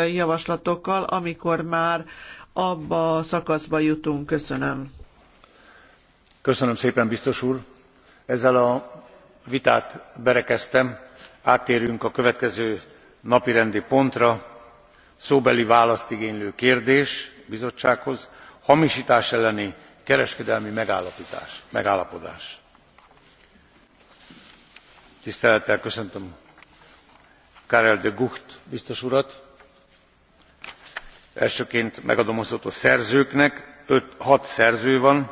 javaslatokkal, amikor már abba a szakaszba jutunk. Köszönöm. Köszönöm szépen, biztos úr. Ezzel a vitát berekeztem. Áttérünk a következő napirendi pontra. Szóbeli választ igénylő kérdés bizottsághoz. Hamisítás elleni kereskedelmi megállapítás, megállapodás. Tisztelettel köszöntöm Karel de Gucht biztos urat elsőként megadom a szót a szerzőknek öt hat szerző van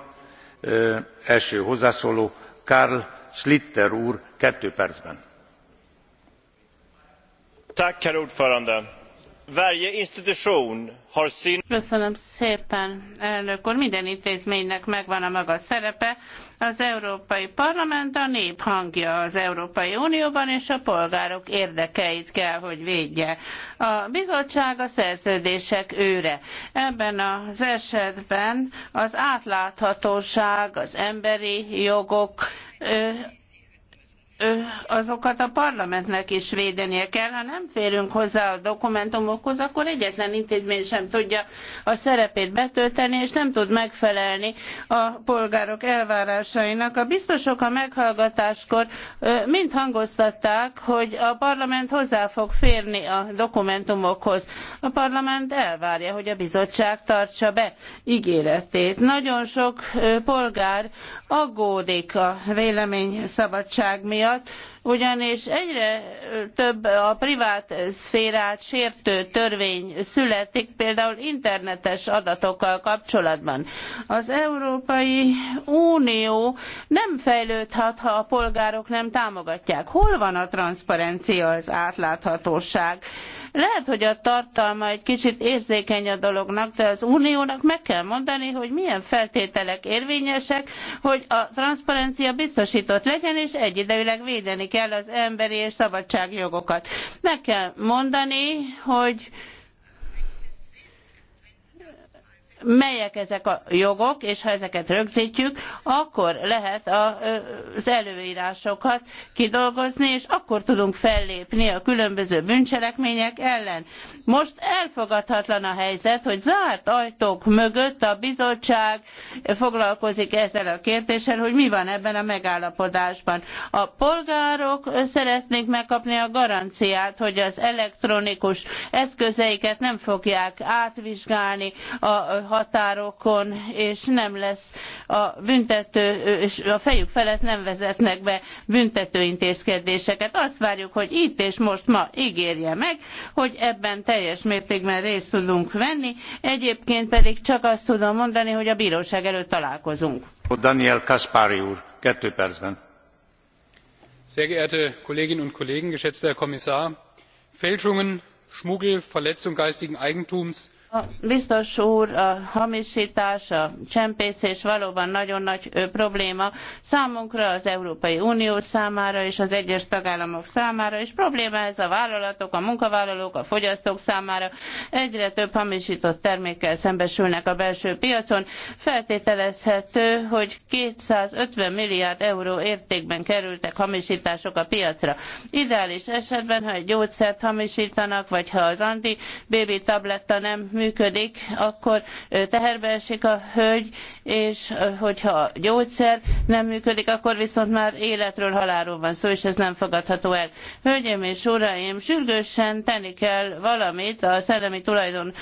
első hozzászóló karl schlyter úr two percben. herr Varje institution har sin... Köszönöm szépen, elnök úr. Minden intézménynek megvan a maga szerepe. Az Európai Parlament a nép hangja az Európai Unióban, és a polgárok érdekeit kell, hogy védje. A bizottság a szerződések őre. Ebben az esetben az átláthatóság, az emberi jogok, azokat a parlamentnek is védenie kell. Ha nem férünk hozzá a dokumentumokhoz, akkor egyetlen intézmény sem tudja a szerepét betölteni, és nem tud megfelelni a polgárok elvárásainak. A biztosok a meghallgatáskor mind hangoztatták, hogy a parlament hozzá fog férni a dokumentumokhoz. A parlament elvárja, hogy a bizottság tartsa be ígéretét. Nagyon sok polgár aggódik a vélemény szabadság miatt, miatt, ugyanis egyre több a privát szférát sértő törvény születik, például internetes adatokkal kapcsolatban. Az Európai Unió nem fejlődhet, ha a polgárok nem támogatják. Hol van a transzparencia, az átláthatóság? Lehet, hogy a tartalma egy kicsit érzékeny a dolognak, de az uniónak meg kell mondani, hogy milyen feltételek érvényesek, hogy a transzparencia biztosított legyen, és egyidejűleg védeni kell az emberi és szabadságjogokat. Meg kell mondani, hogy melyek ezek a jogok, és ha ezeket rögzítjük, akkor lehet az előírásokat kidolgozni, és akkor tudunk fellépni a különböző bűncselekmények ellen. Most elfogadhatatlan a helyzet, hogy zárt ajtók mögött a bizottság foglalkozik ezzel a kérdéssel, hogy mi van ebben a megállapodásban. A polgárok szeretnék megkapni a garanciát, hogy az elektronikus eszközeiket nem fogják átvizsgálni a határokon, és nem lesz a büntető, és a fejük felett nem vezetnek be büntető intézkedéseket. Azt várjuk, hogy itt és most ma ígérje meg, hogy ebben teljes mértékben részt tudunk venni, egyébként pedig csak azt tudom mondani, hogy a bíróság előtt találkozunk. Daniel Kaspari úr, kettő percben. Sehr geehrte Kolleginnen und Kollegen, geschätzter Herr Kommissar, Fälschungen, Schmuggel, Verletzung geistigen Eigentums a biztos úr, a hamisítás, a csempészés valóban nagyon nagy probléma számunkra, az Európai Unió számára és az egyes tagállamok számára, és probléma ez a vállalatok, a munkavállalók, a fogyasztók számára. Egyre több hamisított termékkel szembesülnek a belső piacon. Feltételezhető, hogy 250 milliárd euró értékben kerültek hamisítások a piacra. Ideális esetben, ha egy gyógyszert hamisítanak, vagy ha az anti-bébi tabletta nem működik, akkor teherbe esik a hölgy, és hogyha a gyógyszer nem működik, akkor viszont már életről, halálról van szó, és ez nem fogadható el. Hölgyeim és uraim, sürgősen tenni kell valamit a szellemi tulajdon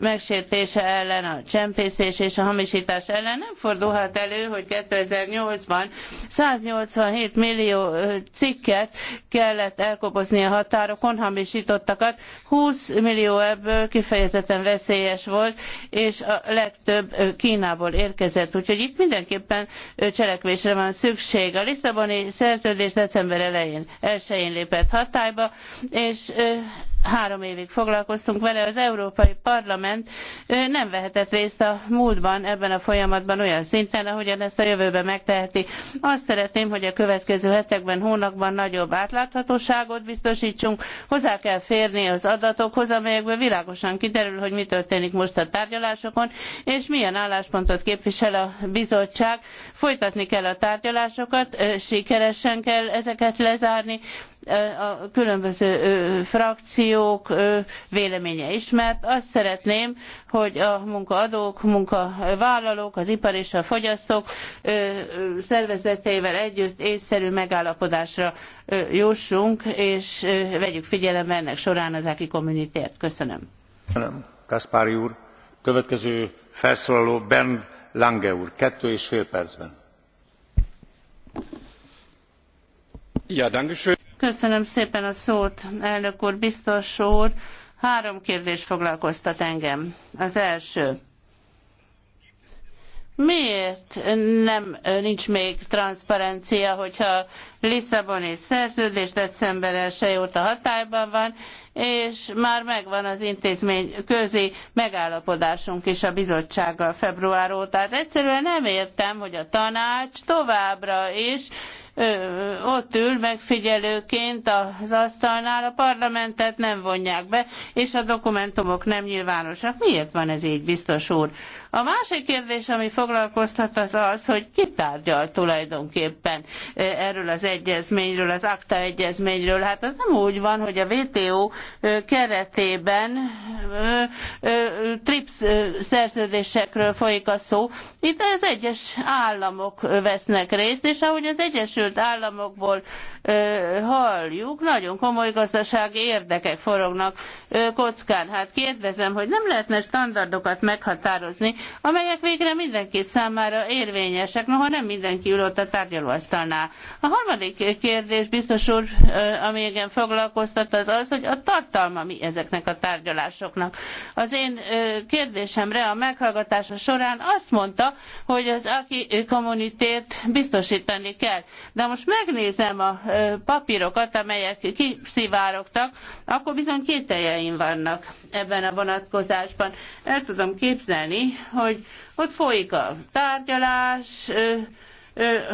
megsértése ellen, a csempészés és a hamisítás ellen. Nem fordulhat elő, hogy 2008-ban 187 millió cikket kellett elkobozni a határokon, hamisítottakat, 20 millió ebből kifejezetten veszélyes volt, és a legtöbb Kínából érkezett. Úgyhogy itt mindenképpen cselekvésre van szükség. A Lisszaboni szerződés december elején, 1 lépett hatályba, és három évig foglalkoztunk vele, az Európai Parlament nem vehetett részt a múltban ebben a folyamatban olyan szinten, ahogyan ezt a jövőben megteheti. Azt szeretném, hogy a következő hetekben, hónapban nagyobb átláthatóságot biztosítsunk, hozzá kell férni az adatokhoz, amelyekből világosan kiderül, hogy mi történik most a tárgyalásokon, és milyen álláspontot képvisel a bizottság. Folytatni kell a tárgyalásokat, sikeresen kell ezeket lezárni, a különböző frakciók véleménye ismert. Azt szeretném, hogy a munkaadók, munkavállalók, az ipar és a fogyasztók szervezeteivel együtt észszerű megállapodásra jussunk, és vegyük figyelembe ennek során az áki kommunitért. Köszönöm. Köszönöm. Kaspári úr, következő felszólaló Bernd Lange úr, kettő és fél percben. Ja, danke schön. Köszönöm szépen a szót, elnök úr, biztos úr. Három kérdés foglalkoztat engem. Az első. Miért nem nincs még transzparencia, hogyha Lisszaboni szerződés december 1 óta hatályban van, és már megvan az intézmény közi megállapodásunk is a bizottsággal február óta. Tehát egyszerűen nem értem, hogy a tanács továbbra is ott ül megfigyelőként az asztalnál, a parlamentet nem vonják be, és a dokumentumok nem nyilvánosak. Miért van ez így, biztos úr? A másik kérdés, ami foglalkoztat, az az, hogy ki tárgyal tulajdonképpen erről az egyezményről, az akta egyezményről. Hát az nem úgy van, hogy a WTO keretében TRIPS szerződésekről folyik a szó. Itt az egyes államok vesznek részt, és ahogy az Egyesült Egyesült Államokból halljuk, nagyon komoly gazdasági érdekek forognak kockán. Hát kérdezem, hogy nem lehetne standardokat meghatározni, amelyek végre mindenki számára érvényesek, noha nem mindenki ül ott a tárgyalóasztalnál. A harmadik kérdés, biztos úr, ami igen foglalkoztat, az az, hogy a tartalma mi ezeknek a tárgyalásoknak. Az én kérdésemre a meghallgatása során azt mondta, hogy az aki kommunitért biztosítani kell de most megnézem a papírokat, amelyek kiszivárogtak, akkor bizony kételjeim vannak ebben a vonatkozásban. El tudom képzelni, hogy ott folyik a tárgyalás,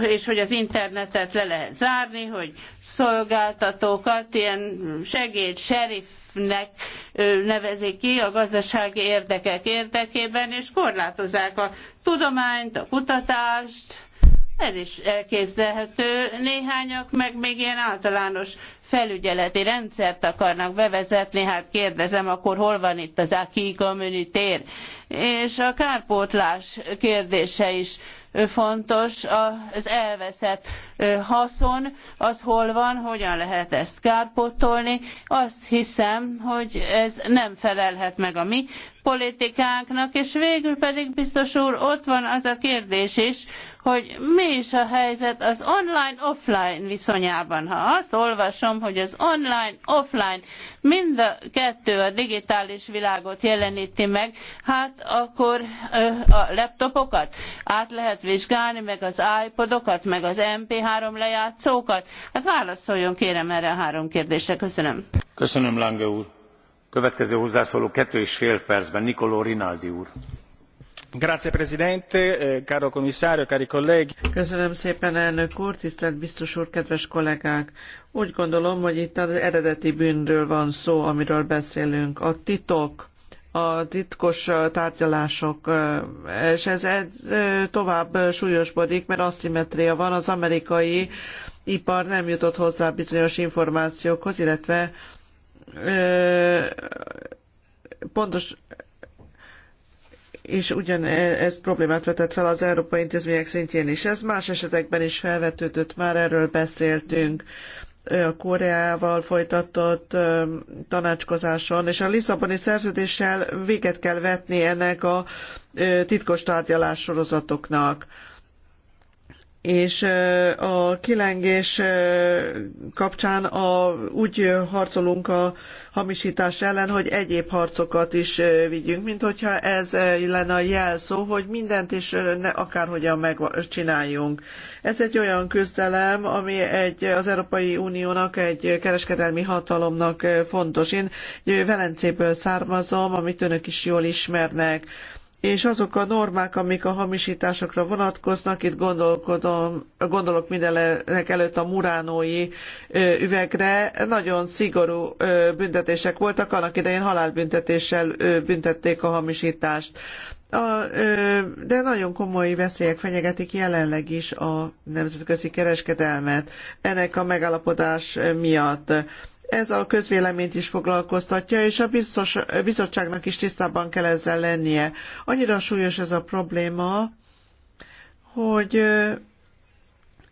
és hogy az internetet le lehet zárni, hogy szolgáltatókat ilyen segéd, serifnek nevezik ki a gazdasági érdekek érdekében, és korlátozzák a tudományt, a kutatást, ez is elképzelhető. Néhányak meg még ilyen általános felügyeleti rendszert akarnak bevezetni, hát kérdezem, akkor hol van itt az aki tér? És a kárpótlás kérdése is fontos, az elveszett haszon, az hol van, hogyan lehet ezt kárpótolni. Azt hiszem, hogy ez nem felelhet meg a mi politikánknak, és végül pedig biztos úr, ott van az a kérdés is, hogy mi is a helyzet az online-offline viszonyában. Ha azt olvasom, hogy az online-offline mind a kettő a digitális világot jeleníti meg, hát akkor a laptopokat át lehet vizsgálni, meg az iPodokat, meg az MP3 lejátszókat. Hát válaszoljon kérem erre a három kérdésre. Köszönöm. Köszönöm, Lange úr. Következő hozzászóló kettő és fél percben, Nikoló Rinaldi úr. Eh, Köszönöm szépen, elnök úr, tisztelt biztos úr, kedves kollégák! Úgy gondolom, hogy itt az eredeti bűnről van szó, amiről beszélünk. A titok, a titkos tárgyalások, és ez tovább súlyosbodik, mert aszimmetria van, az amerikai ipar nem jutott hozzá bizonyos információkhoz, illetve pontos és ugyanez problémát vetett fel az európai intézmények szintjén is. Ez más esetekben is felvetődött, már erről beszéltünk a Koreával folytatott tanácskozáson, és a Lisszaboni szerződéssel véget kell vetni ennek a titkos tárgyalás sorozatoknak és a kilengés kapcsán a, úgy harcolunk a hamisítás ellen, hogy egyéb harcokat is vigyünk, mint hogyha ez lenne a jelszó, hogy mindent is ne akárhogyan megcsináljunk. Ez egy olyan küzdelem, ami egy, az Európai Uniónak, egy kereskedelmi hatalomnak fontos. Én Velencéből származom, amit önök is jól ismernek és azok a normák, amik a hamisításokra vonatkoznak, itt gondolkodom, gondolok mindenek előtt a muránói üvegre, nagyon szigorú büntetések voltak, annak idején halálbüntetéssel büntették a hamisítást. A, de nagyon komoly veszélyek fenyegetik jelenleg is a nemzetközi kereskedelmet ennek a megállapodás miatt ez a közvéleményt is foglalkoztatja, és a biztos, bizottságnak is tisztában kell ezzel lennie. Annyira súlyos ez a probléma, hogy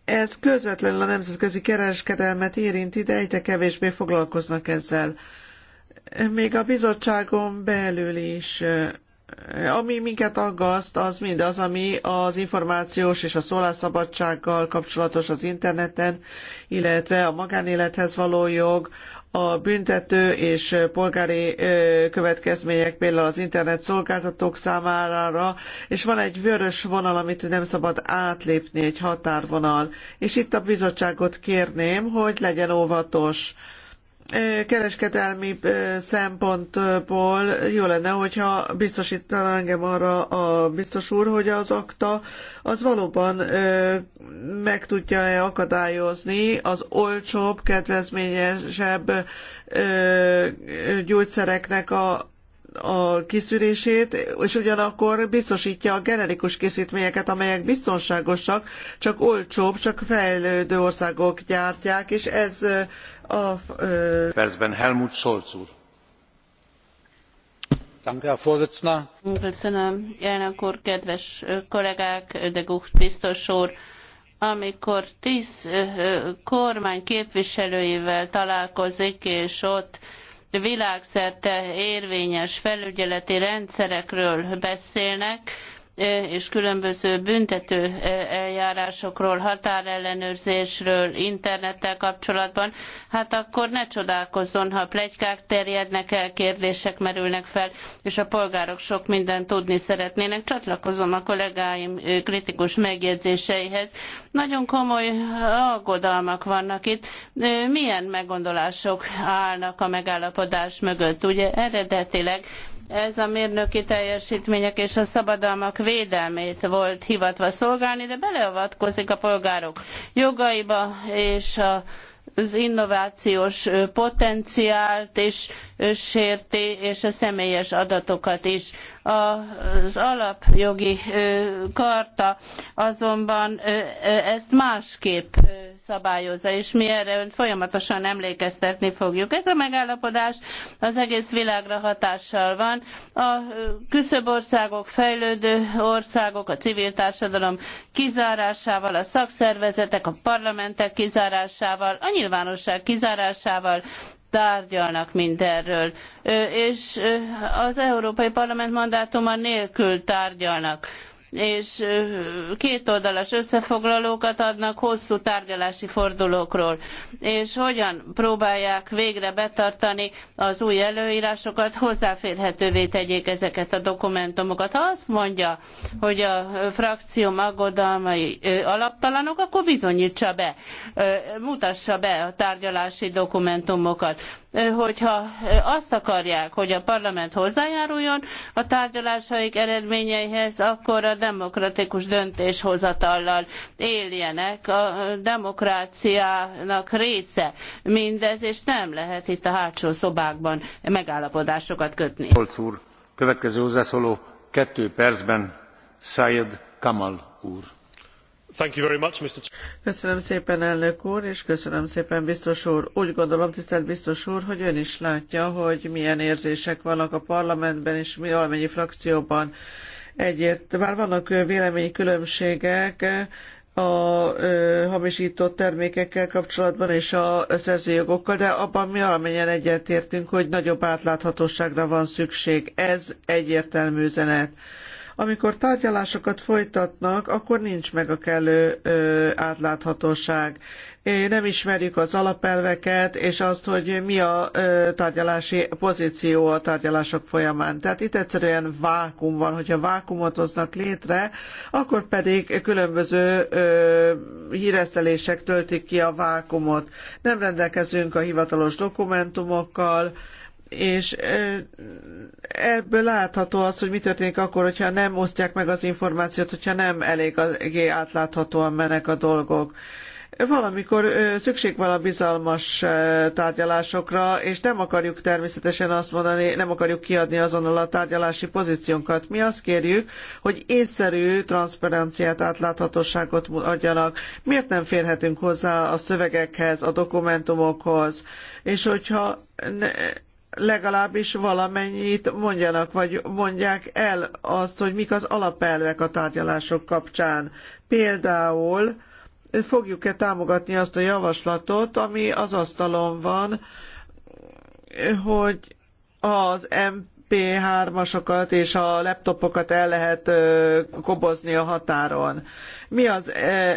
ez közvetlenül a nemzetközi kereskedelmet érinti, de egyre kevésbé foglalkoznak ezzel. Még a bizottságon belül is ami minket aggaszt, az mindaz, ami az információs és a szólásszabadsággal kapcsolatos az interneten, illetve a magánélethez való jog, a büntető és polgári következmények például az internet szolgáltatók számára, és van egy vörös vonal, amit nem szabad átlépni, egy határvonal. És itt a bizottságot kérném, hogy legyen óvatos kereskedelmi szempontból jó lenne, hogyha biztosítana engem arra a biztos úr, hogy az akta az valóban meg tudja-e akadályozni az olcsóbb, kedvezményesebb gyógyszereknek a a kiszűrését, és ugyanakkor biztosítja a generikus készítményeket, amelyek biztonságosak, csak olcsóbb, csak fejlődő országok gyártják, és ez a... Percben Helmut Scholz úr. Köszönöm, elnök úr, kedves kollégák, de Gucht biztos úr amikor tíz kormány képviselőivel találkozik, és ott világszerte érvényes felügyeleti rendszerekről beszélnek, és különböző büntető eljárásokról, határellenőrzésről, internettel kapcsolatban, hát akkor ne csodálkozzon, ha plegykák terjednek el, kérdések merülnek fel, és a polgárok sok mindent tudni szeretnének. Csatlakozom a kollégáim kritikus megjegyzéseihez. Nagyon komoly aggodalmak vannak itt. Milyen meggondolások állnak a megállapodás mögött? Ugye eredetileg ez a mérnöki teljesítmények és a szabadalmak védelmét volt hivatva szolgálni, de beleavatkozik a polgárok jogaiba és a az innovációs potenciált is sérti, és a személyes adatokat is. Az alapjogi karta azonban ezt másképp szabályozza, és mi erre önt folyamatosan emlékeztetni fogjuk. Ez a megállapodás az egész világra hatással van. A országok fejlődő országok, a civil társadalom kizárásával, a szakszervezetek, a parlamentek kizárásával, annyi nyilvánosság kizárásával tárgyalnak mindenről, és az Európai Parlament mandátuma nélkül tárgyalnak és kétoldalas összefoglalókat adnak hosszú tárgyalási fordulókról, és hogyan próbálják végre betartani az új előírásokat, hozzáférhetővé tegyék ezeket a dokumentumokat. Ha azt mondja, hogy a frakcióm aggodalmai alaptalanok, akkor bizonyítsa be, mutassa be a tárgyalási dokumentumokat hogyha azt akarják, hogy a parlament hozzájáruljon a tárgyalásaik eredményeihez, akkor a demokratikus döntéshozatallal éljenek. A demokráciának része mindez, és nem lehet itt a hátsó szobákban megállapodásokat kötni. Holc úr, következő hozzászóló kettő percben Sayed Kamal úr. Köszönöm szépen, elnök úr, és köszönöm szépen, biztos úr. Úgy gondolom, tisztelt biztos úr, hogy ön is látja, hogy milyen érzések vannak a parlamentben és mi valamennyi frakcióban. Egyért, bár vannak véleménykülönbségek, a ö, hamisított termékekkel kapcsolatban és a jogokkal, de abban mi valamennyien egyetértünk, hogy nagyobb átláthatóságra van szükség. Ez egyértelmű üzenet amikor tárgyalásokat folytatnak, akkor nincs meg a kellő átláthatóság. Nem ismerjük az alapelveket, és azt, hogy mi a tárgyalási pozíció a tárgyalások folyamán. Tehát itt egyszerűen vákum van, hogyha vákumot hoznak létre, akkor pedig különböző híresztelések töltik ki a vákumot. Nem rendelkezünk a hivatalos dokumentumokkal, és ebből látható az, hogy mi történik akkor, hogyha nem osztják meg az információt, hogyha nem eléggé átláthatóan mennek a dolgok valamikor szükség van a bizalmas tárgyalásokra, és nem akarjuk természetesen azt mondani, nem akarjuk kiadni azonnal a tárgyalási pozíciónkat. Mi azt kérjük, hogy észszerű transzparenciát, átláthatóságot adjanak. Miért nem férhetünk hozzá a szövegekhez, a dokumentumokhoz? És hogyha ne, legalábbis valamennyit mondjanak, vagy mondják el azt, hogy mik az alapelvek a tárgyalások kapcsán. Például fogjuk-e támogatni azt a javaslatot, ami az asztalon van, hogy az MP3-asokat és a laptopokat el lehet kobozni a határon. Mi az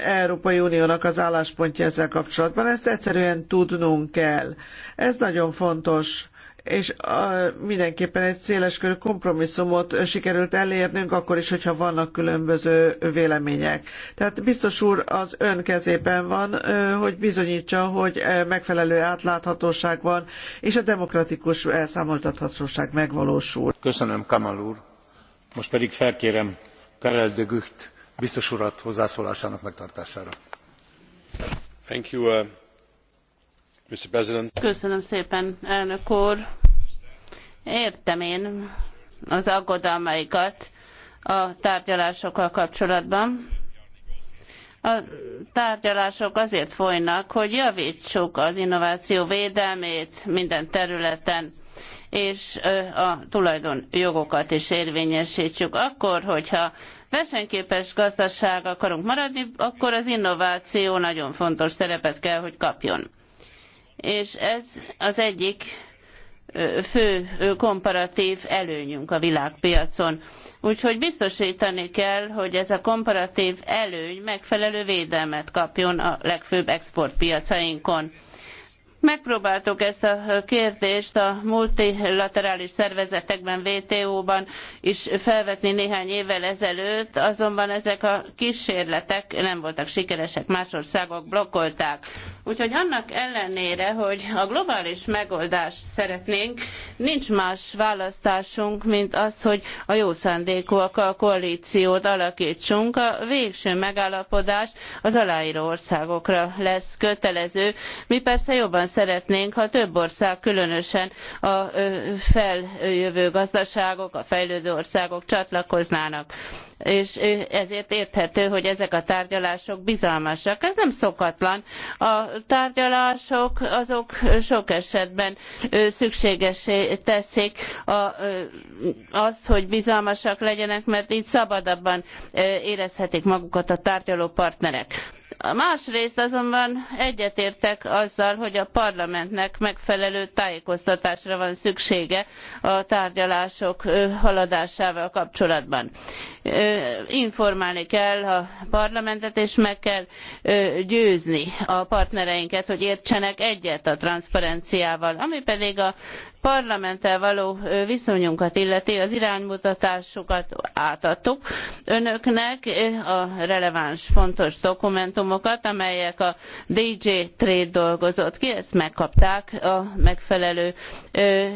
Európai Uniónak az álláspontja ezzel kapcsolatban? Ezt egyszerűen tudnunk kell. Ez nagyon fontos és a, mindenképpen egy széleskörű kompromisszumot sikerült elérnünk, akkor is, hogyha vannak különböző vélemények. Tehát biztos úr az ön kezében van, hogy bizonyítsa, hogy megfelelő átláthatóság van, és a demokratikus elszámoltathatóság megvalósul. Köszönöm, Kamal úr. Most pedig felkérem Karel de Gucht biztos urat hozzászólásának megtartására. Thank you, uh... Köszönöm szépen, Értem én az aggodalmaikat a tárgyalásokkal kapcsolatban. A tárgyalások azért folynak, hogy javítsuk az innováció védelmét minden területen és a tulajdonjogokat is érvényesítsük. Akkor, hogyha versenyképes gazdaság akarunk maradni, akkor az innováció nagyon fontos szerepet kell, hogy kapjon és ez az egyik fő komparatív előnyünk a világpiacon. Úgyhogy biztosítani kell, hogy ez a komparatív előny megfelelő védelmet kapjon a legfőbb exportpiacainkon Megpróbáltuk ezt a kérdést a multilaterális szervezetekben, WTO-ban is felvetni néhány évvel ezelőtt, azonban ezek a kísérletek nem voltak sikeresek, más országok blokkolták. Úgyhogy annak ellenére, hogy a globális megoldást szeretnénk, nincs más választásunk, mint az, hogy a jó szándékúakkal koalíciót alakítsunk. A végső megállapodás az aláíró országokra lesz kötelező. Mi persze jobban szeretnénk, ha több ország, különösen a feljövő gazdaságok, a fejlődő országok csatlakoznának és ezért érthető, hogy ezek a tárgyalások bizalmasak. Ez nem szokatlan. A tárgyalások azok sok esetben szükségesé teszik a, azt, hogy bizalmasak legyenek, mert így szabadabban érezhetik magukat a tárgyaló partnerek. A másrészt azonban egyetértek azzal, hogy a parlamentnek megfelelő tájékoztatásra van szüksége a tárgyalások haladásával kapcsolatban informálni kell a parlamentet, és meg kell győzni a partnereinket, hogy értsenek egyet a transzparenciával. Ami pedig a parlamenttel való viszonyunkat illeti, az iránymutatásokat átadtuk önöknek, a releváns fontos dokumentumokat, amelyek a DJ Trade dolgozott ki, ezt megkapták a megfelelő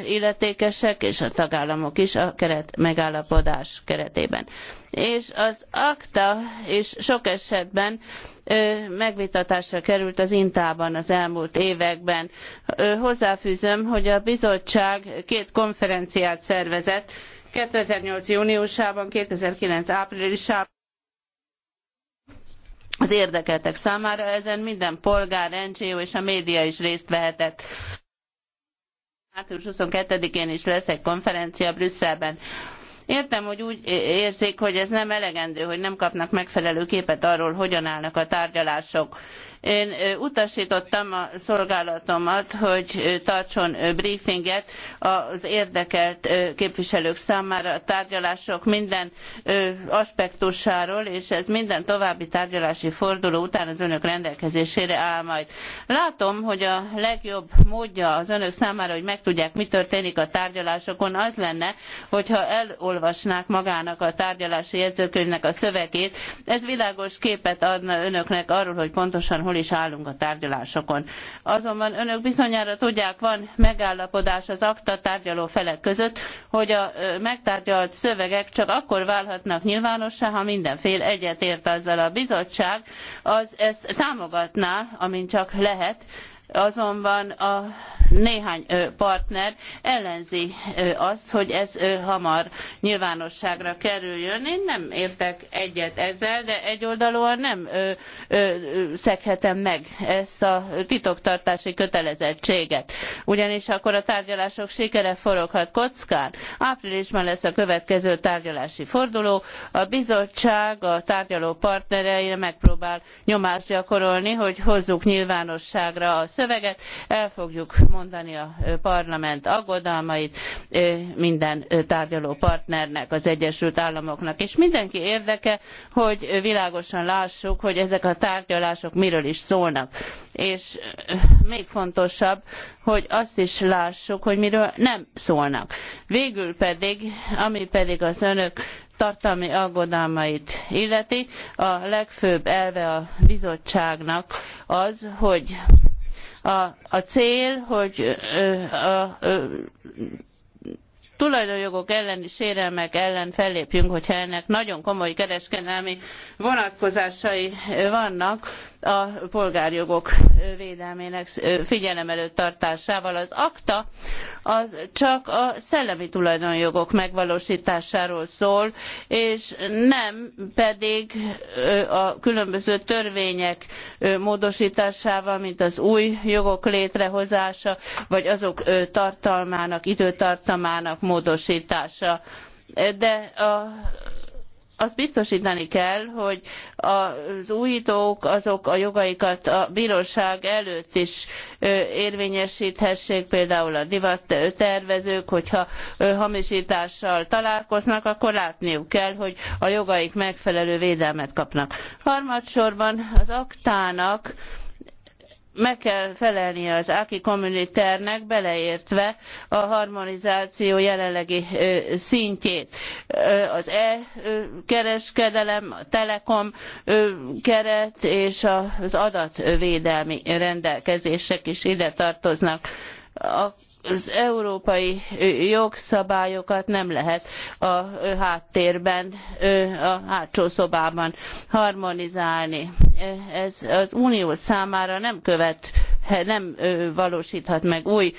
illetékesek és a tagállamok is a keret megállapodás keretében. És az akta is sok esetben megvitatásra került az Intában az elmúlt években. Hozzáfűzöm, hogy a bizottság két konferenciát szervezett 2008. júniusában, 2009. áprilisában az érdekeltek számára, ezen minden polgár, NGO és a média is részt vehetett. Március 22-én is lesz egy konferencia Brüsszelben Értem, hogy úgy érzik, hogy ez nem elegendő, hogy nem kapnak megfelelő képet arról, hogyan állnak a tárgyalások én utasítottam a szolgálatomat, hogy tartson briefinget az érdekelt képviselők számára a tárgyalások minden aspektusáról, és ez minden további tárgyalási forduló után az önök rendelkezésére áll majd. Látom, hogy a legjobb módja az önök számára, hogy megtudják, mi történik a tárgyalásokon, az lenne, hogyha elolvasnák magának a tárgyalási jegyzőkönyvnek a szövegét. Ez világos képet adna önöknek arról, hogy pontosan hol is állunk a tárgyalásokon. Azonban önök bizonyára tudják, van megállapodás az akta tárgyaló felek között, hogy a megtárgyalt szövegek csak akkor válhatnak nyilvánossá, ha minden fél egyetért azzal a bizottság, az ezt támogatná, amint csak lehet, azonban a néhány partner ellenzi azt, hogy ez hamar nyilvánosságra kerüljön. Én nem értek egyet ezzel, de egyoldalúan nem szeghetem meg ezt a titoktartási kötelezettséget. Ugyanis akkor a tárgyalások sikere foroghat kockán. Áprilisban lesz a következő tárgyalási forduló. A bizottság a tárgyaló partnereire megpróbál nyomást gyakorolni, hogy hozzuk nyilvánosságra azt, szöveget, el fogjuk mondani a parlament aggodalmait minden tárgyaló partnernek, az Egyesült Államoknak. És mindenki érdeke, hogy világosan lássuk, hogy ezek a tárgyalások miről is szólnak. És még fontosabb, hogy azt is lássuk, hogy miről nem szólnak. Végül pedig, ami pedig az önök tartalmi aggodalmait illeti, a legfőbb elve a bizottságnak az, hogy a, cél, hogy a tulajdonjogok elleni sérelmek ellen fellépjünk, hogyha ennek nagyon komoly kereskedelmi vonatkozásai vannak a polgárjogok védelmének figyelem előtt tartásával. Az akta az csak a szellemi tulajdonjogok megvalósításáról szól, és nem pedig a különböző törvények módosításával, mint az új jogok létrehozása, vagy azok tartalmának, időtartamának módosítása. De a, azt biztosítani kell, hogy az újítók azok a jogaikat a bíróság előtt is érvényesíthessék, például a divattervezők, hogyha hamisítással találkoznak, akkor látniuk kell, hogy a jogaik megfelelő védelmet kapnak. Harmadsorban az aktának meg kell felelnie az AKI kommuniternek, beleértve a harmonizáció jelenlegi szintjét. Az e-kereskedelem, a telekom keret és az adatvédelmi rendelkezések is ide tartoznak. A az európai jogszabályokat nem lehet a háttérben, a hátsó szobában harmonizálni. Ez az unió számára nem követ nem valósíthat meg új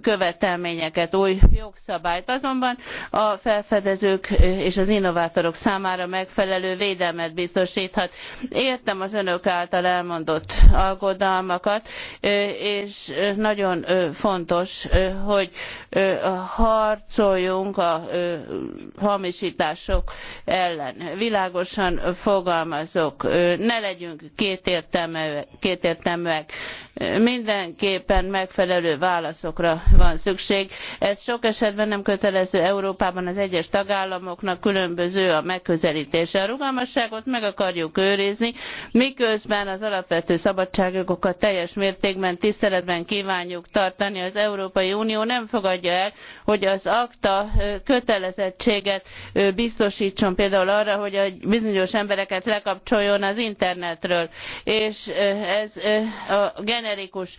követelményeket, új jogszabályt. Azonban a felfedezők és az innovátorok számára megfelelő védelmet biztosíthat. Értem az önök által elmondott aggodalmakat, és nagyon fontos, hogy harcoljunk a hamisítások ellen. Világosan fogalmazok, ne legyünk kétértelműek, kétértelműek mindenképpen megfelelő válaszokra van szükség. Ez sok esetben nem kötelező Európában az egyes tagállamoknak különböző a megközelítése. A rugalmasságot meg akarjuk őrizni, miközben az alapvető szabadságjogokat teljes mértékben tiszteletben kívánjuk tartani. Az Európai Unió nem fogadja el, hogy az akta kötelezettséget biztosítson például arra, hogy a bizonyos embereket lekapcsoljon az internetről. És ez a generikus generikus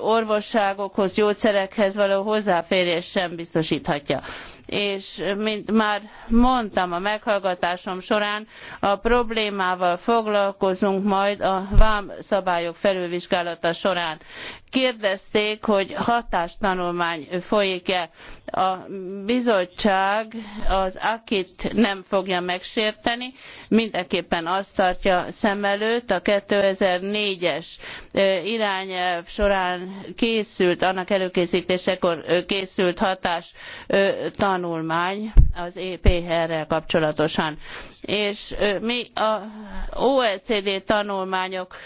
orvosságokhoz, gyógyszerekhez való hozzáférés sem biztosíthatja és mint már mondtam a meghallgatásom során, a problémával foglalkozunk majd a vámszabályok felülvizsgálata során. Kérdezték, hogy hatástanulmány folyik-e. A bizottság az akit nem fogja megsérteni, mindenképpen azt tartja szem előtt a 2004-es irányelv során készült, annak előkészítésekor készült hatástanulmány tanulmány az EPR-rel kapcsolatosan. És mi a OECD tanulmányok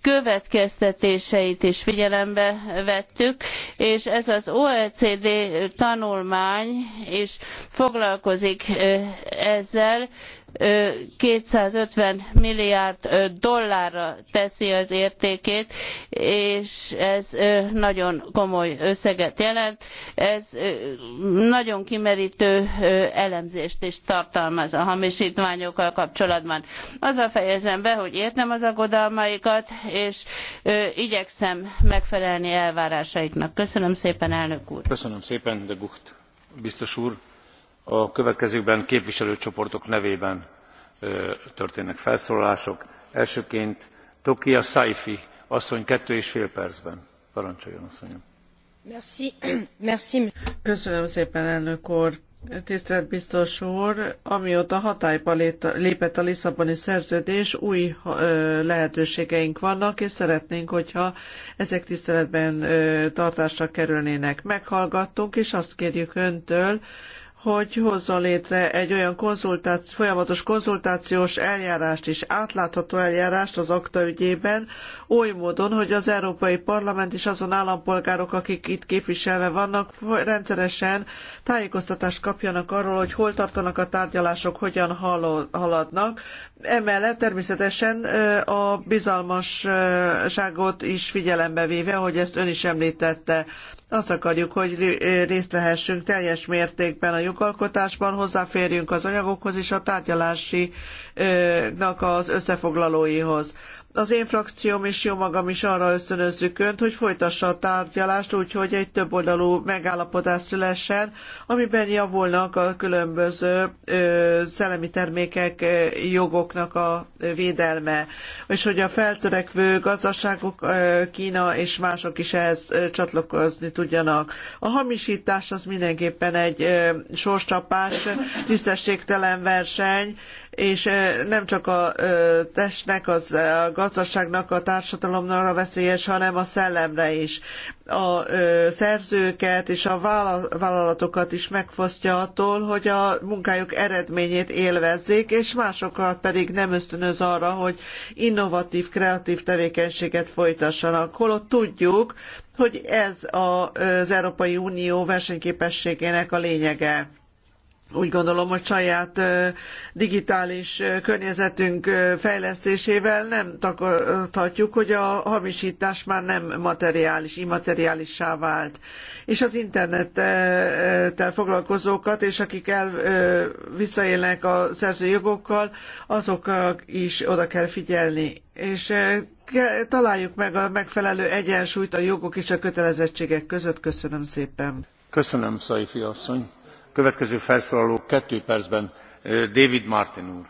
következtetéseit is figyelembe vettük, és ez az OECD tanulmány is foglalkozik ezzel, 250 milliárd dollárra teszi az értékét, és ez nagyon komoly összeget jelent. Ez nagyon kimerítő elemzést is tartalmaz a hamisítványokkal kapcsolatban. Azzal fejezem be, hogy értem az aggodalmaikat, és igyekszem megfelelni elvárásaiknak. Köszönöm szépen, elnök úr! Köszönöm szépen, de Gucht biztos úr! a következőkben képviselőcsoportok nevében történnek felszólalások elsőként tokia safi asszony kettő és fél percben parancsoljon asszonyom! Köszönöm szépen, elnök úr! Tisztelt biztos úr, amióta hatályba lépett a Lisszaboni szerződés, új lehetőségeink vannak, és szeretnénk, hogyha ezek tiszteletben tartásra kerülnének. Meghallgattunk, és azt kérjük öntől, hogy hozzon létre egy olyan folyamatos konzultációs eljárást is, átlátható eljárást az akta ügyében, oly módon, hogy az Európai Parlament és azon állampolgárok, akik itt képviselve vannak, rendszeresen tájékoztatást kapjanak arról, hogy hol tartanak a tárgyalások, hogyan haladnak. Emellett természetesen a bizalmasságot is figyelembe véve, hogy ezt ön is említette. Azt akarjuk, hogy részt vehessünk teljes mértékben a jogalkotásban, hozzáférjünk az anyagokhoz és a tárgyalásnak az összefoglalóihoz az én frakcióm és jó magam is arra ösztönözzük önt, hogy folytassa a tárgyalást úgy, hogy egy többoldalú megállapodás szülessen, amiben javulnak a különböző ö, szellemi termékek jogoknak a védelme, és hogy a feltörekvő gazdaságok, Kína és mások is ehhez csatlakozni tudjanak. A hamisítás az mindenképpen egy ö, sorscsapás, tisztességtelen verseny, és nem csak a testnek, az, a gazdaságnak, a társadalomnak veszélyes, hanem a szellemre is. A szerzőket és a vállalatokat is megfosztja attól, hogy a munkájuk eredményét élvezzék, és másokat pedig nem ösztönöz arra, hogy innovatív, kreatív tevékenységet folytassanak. Holott tudjuk, hogy ez az Európai Unió versenyképességének a lényege úgy gondolom, hogy saját digitális környezetünk fejlesztésével nem takarhatjuk, hogy a hamisítás már nem materiális, immateriálissá vált. És az internettel foglalkozókat, és akik el, visszaélnek a jogokkal, azokra is oda kell figyelni. És találjuk meg a megfelelő egyensúlyt a jogok és a kötelezettségek között. Köszönöm szépen. Köszönöm, Szaifi asszony következő felszólaló two percben david martin úr.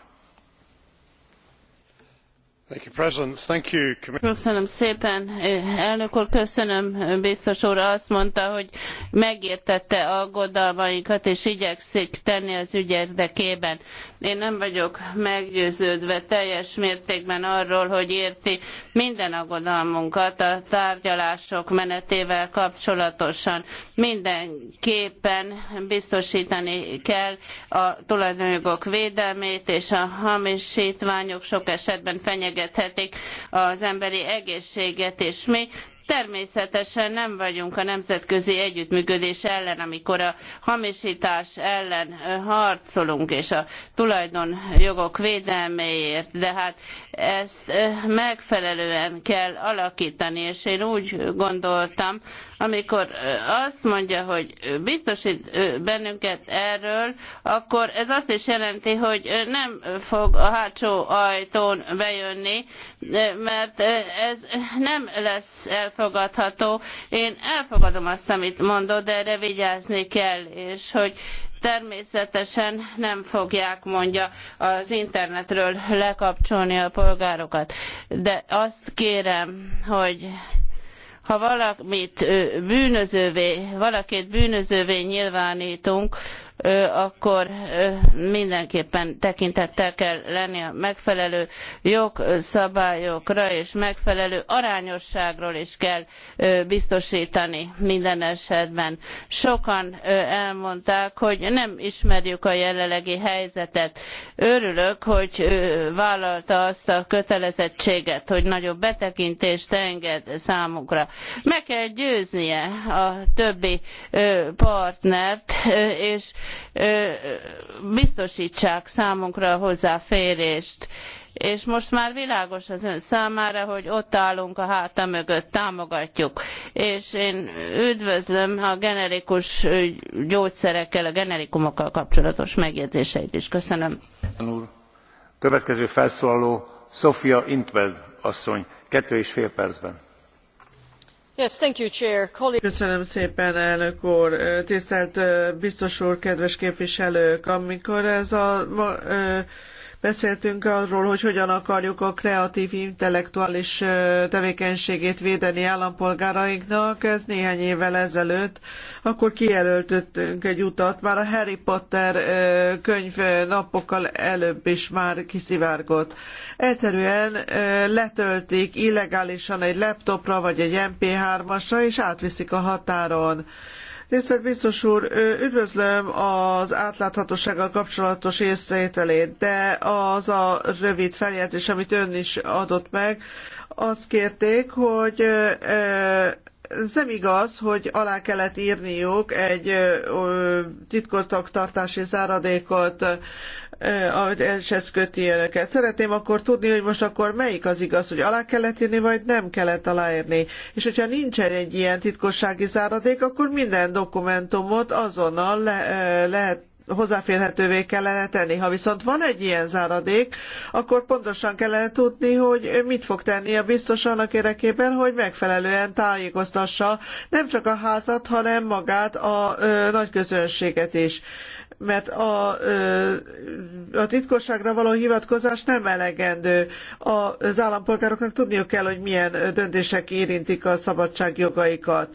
Köszönöm szépen, eh, elnök úr, köszönöm, eh, biztos úr azt mondta, hogy megértette aggodalmainkat, és igyekszik tenni az ügy érdekében. Én nem vagyok meggyőződve teljes mértékben arról, hogy érti minden aggodalmunkat a tárgyalások menetével kapcsolatosan. Mindenképpen biztosítani kell a tulajdonjogok védelmét, és a hamisítványok sok esetben fenyegetik fenyegethetik az emberi egészséget, és mi természetesen nem vagyunk a nemzetközi együttműködés ellen, amikor a hamisítás ellen harcolunk és a tulajdonjogok védelméért, de hát ezt megfelelően kell alakítani, és én úgy gondoltam, amikor azt mondja, hogy biztosít bennünket erről, akkor ez azt is jelenti, hogy nem fog a hátsó ajtón bejönni, mert ez nem lesz elfogadható. Én elfogadom azt, amit mondod, de erre vigyázni kell, és hogy természetesen nem fogják mondja az internetről lekapcsolni a polgárokat. De azt kérem, hogy ha valamit bűnözővé, valakit bűnözővé nyilvánítunk, akkor mindenképpen tekintettel kell lenni a megfelelő jogszabályokra, és megfelelő arányosságról is kell biztosítani minden esetben. Sokan elmondták, hogy nem ismerjük a jelenlegi helyzetet. Örülök, hogy vállalta azt a kötelezettséget, hogy nagyobb betekintést enged számunkra. Meg kell győznie a többi partnert, és biztostsák számunkra a hozzáférést és most már világos az ön számára, hogy ott állunk a háta mögött, támogatjuk. És én üdvözlöm a generikus gyógyszerekkel, a generikumokkal kapcsolatos megjegyzéseit is. Köszönöm. Következő felszólaló Sofia Intveld asszony, kettő és fél percben. Köszönöm szépen, elnök úr. Tisztelt biztos úr, kedves képviselők! Amikor ez a Beszéltünk arról, hogy hogyan akarjuk a kreatív intellektuális tevékenységét védeni állampolgárainknak. Ez néhány évvel ezelőtt. Akkor kijelöltöttünk egy utat. Már a Harry Potter könyv napokkal előbb is már kiszivárgott. Egyszerűen letöltik illegálisan egy laptopra vagy egy MP3-asra, és átviszik a határon. Tisztelt biztos úr, üdvözlöm az átláthatósággal kapcsolatos észrevételét, de az a rövid feljegyzés, amit ön is adott meg, azt kérték, hogy nem igaz, hogy alá kellett írniuk egy titkoltaktartási záradékot, és ez köti önöket. Szeretném akkor tudni, hogy most akkor melyik az igaz, hogy alá kellett írni, vagy nem kellett aláírni. És hogyha nincsen egy ilyen titkossági záradék, akkor minden dokumentumot azonnal le, lehet hozzáférhetővé kellene tenni. Ha viszont van egy ilyen záradék, akkor pontosan kellene tudni, hogy mit fog tenni a biztos annak érdekében, hogy megfelelően tájékoztassa nem csak a házat, hanem magát a ö, nagy közönséget is mert a, a titkosságra való hivatkozás nem elegendő. Az állampolgároknak tudniuk kell, hogy milyen döntések érintik a szabadságjogaikat.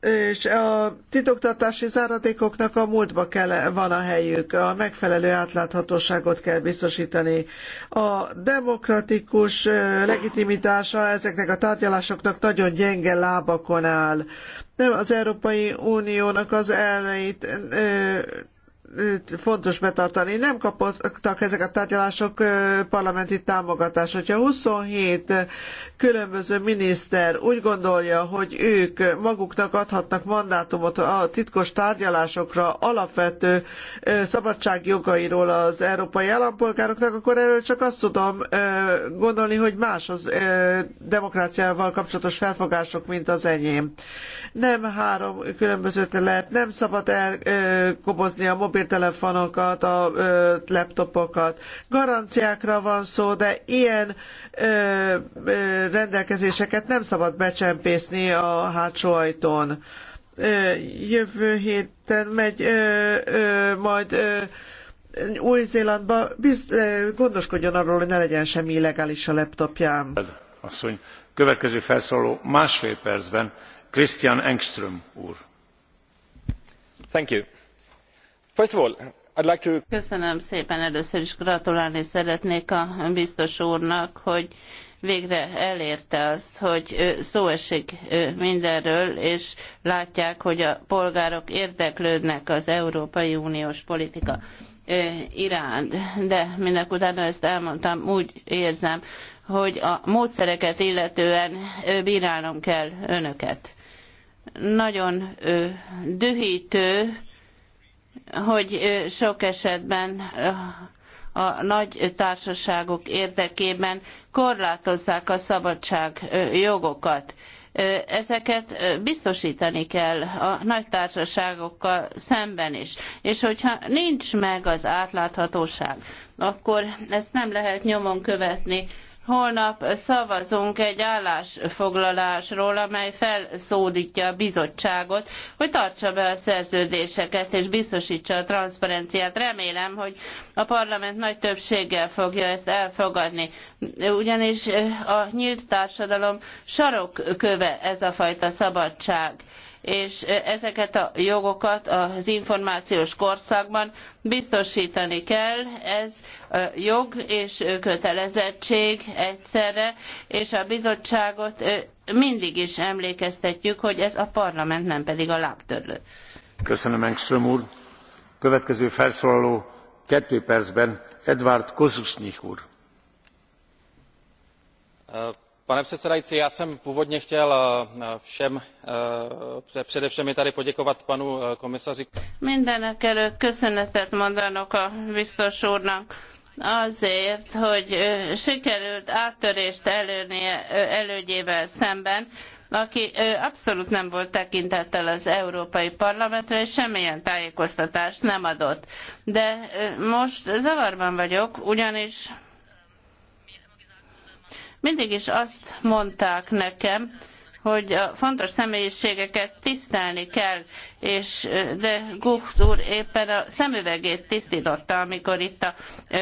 És a titoktartási záradékoknak a múltba kell, van a helyük, a megfelelő átláthatóságot kell biztosítani. A demokratikus legitimitása ezeknek a tárgyalásoknak nagyon gyenge lábakon áll. Nem az Európai Uniónak az elveit fontos betartani. Nem kapottak ezek a tárgyalások parlamenti támogatást. Hogyha 27 különböző miniszter úgy gondolja, hogy ők maguknak adhatnak mandátumot a titkos tárgyalásokra alapvető szabadságjogairól az európai állampolgároknak, akkor erről csak azt tudom gondolni, hogy más az demokráciával kapcsolatos felfogások, mint az enyém. Nem három különbözőt lehet, nem szabad elkobozni a mobil mobiltelefonokat, a ö, laptopokat. Garanciákra van szó, de ilyen ö, ö, rendelkezéseket nem szabad becsempészni a hátsó ajtón. jövő héten megy majd új-Zélandba, gondoskodjon arról, hogy ne legyen semmi illegális a laptopján. Asszony, következő felszóló másfél percben Christian Engström úr. Thank you köszönöm szépen először is gratulálni szeretnék a biztos úrnak hogy végre elérte azt, hogy szó esik mindenről, és látják, hogy a polgárok érdeklődnek az Európai Uniós politika iránt. De mindek ezt elmondtam, úgy érzem, hogy a módszereket illetően bírálnom kell önöket. Nagyon dühítő, hogy sok esetben a nagy társaságok érdekében korlátozzák a szabadság jogokat. Ezeket biztosítani kell a nagy társaságokkal szemben is. És hogyha nincs meg az átláthatóság, akkor ezt nem lehet nyomon követni Holnap szavazunk egy állásfoglalásról, amely felszólítja a bizottságot, hogy tartsa be a szerződéseket és biztosítsa a transzparenciát. Remélem, hogy a parlament nagy többséggel fogja ezt elfogadni. Ugyanis eh, a nyílt társadalom sarokköve ez a fajta szabadság és ezeket a jogokat az információs korszakban biztosítani kell. Ez jog és kötelezettség egyszerre, és a bizottságot mindig is emlékeztetjük, hogy ez a parlament, nem pedig a lábtörlő. Köszönöm, Engström úr. Következő felszólaló kettő percben Edward Kozusnyik úr pane předsedající já jsem původně chtěl eh, všem eh, především tady poděkovat panu eh, komisaři. köszönetet mondanok a biztos azért hogy sikerült áttörést elérnie szemben aki abszolút nem volt tekintettel az Európai Parlamentre, és semmilyen tájékoztatást nem adott. De most zavarban vagyok, ugyanis mindig is azt mondták nekem, hogy a fontos személyiségeket tisztelni kell, és de Gucht úr éppen a szemüvegét tisztította, amikor itt a ö,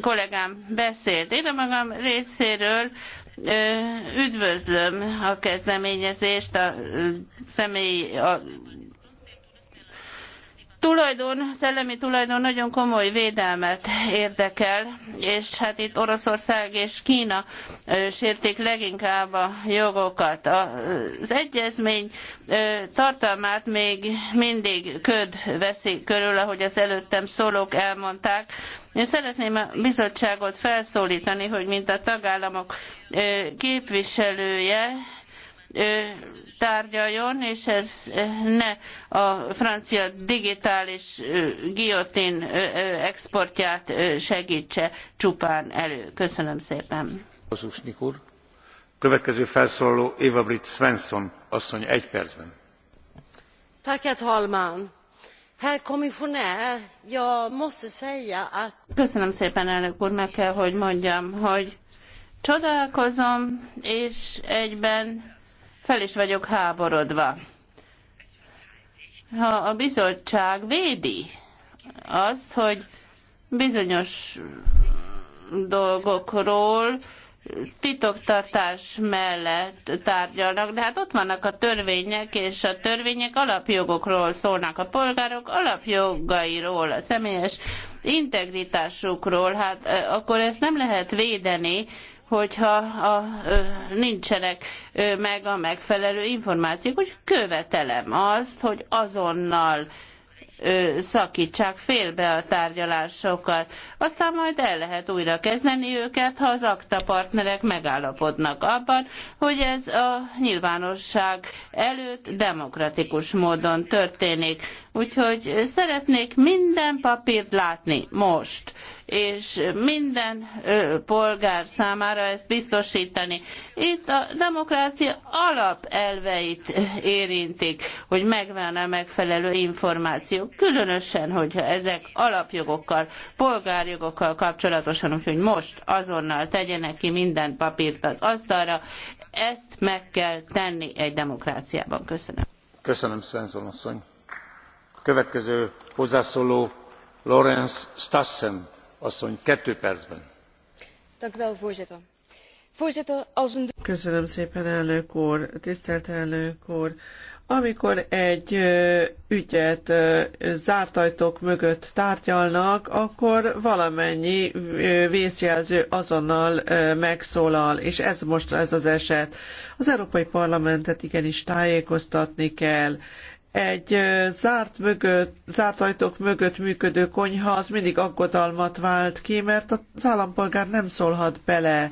kollégám beszélt. Én a magam részéről ö, üdvözlöm a kezdeményezést, a ö, személyi, a tulajdon, szellemi tulajdon nagyon komoly védelmet érdekel, és hát itt Oroszország és Kína sértik leginkább a jogokat. Az egyezmény tartalmát még mindig köd veszi körül, ahogy az előttem szólók elmondták. Én szeretném a bizottságot felszólítani, hogy mint a tagállamok képviselője, tárgyaljon, és ez ne a francia digitális guillotine exportját segítse csupán elő. Köszönöm szépen. Oszusnik úr. Következő felszólaló Eva Britt Svensson, asszony egy percben. Tack, herr talman. Herr kommissionär, jag måste säga att... Köszönöm szépen, elnök úr, meg kell, hogy mondjam, hogy csodálkozom, és egyben fel is vagyok háborodva. Ha a bizottság védi azt, hogy bizonyos dolgokról titoktartás mellett tárgyalnak, de hát ott vannak a törvények, és a törvények alapjogokról szólnak, a polgárok alapjogairól, a személyes integritásukról, hát eh, akkor ezt nem lehet védeni, hogyha a, nincsenek meg a megfelelő információk, hogy követelem azt, hogy azonnal szakítsák félbe a tárgyalásokat. Aztán majd el lehet újra kezdeni őket, ha az akta partnerek megállapodnak abban, hogy ez a nyilvánosság előtt demokratikus módon történik. Úgyhogy szeretnék minden papírt látni most, és minden ö, polgár számára ezt biztosítani. Itt a demokrácia alapelveit érintik, hogy megvan a megfelelő információ, különösen, hogyha ezek alapjogokkal, polgárjogokkal kapcsolatosan, úgyhogy most azonnal tegyenek ki minden papírt az asztalra, ezt meg kell tenni egy demokráciában. Köszönöm. Köszönöm, Szenzon asszony következő hozzászóló lawrence stassen asszony kettő percben. Köszönöm szépen, elnök úr, tisztelt elnök úr! Amikor egy ügyet zárt ajtók mögött tárgyalnak, akkor valamennyi vészjelző azonnal megszólal, és ez most ez az eset. Az Európai Parlamentet igenis tájékoztatni kell egy zárt, mögött, zárt ajtók mögött működő konyha az mindig aggodalmat vált ki, mert az állampolgár nem szólhat bele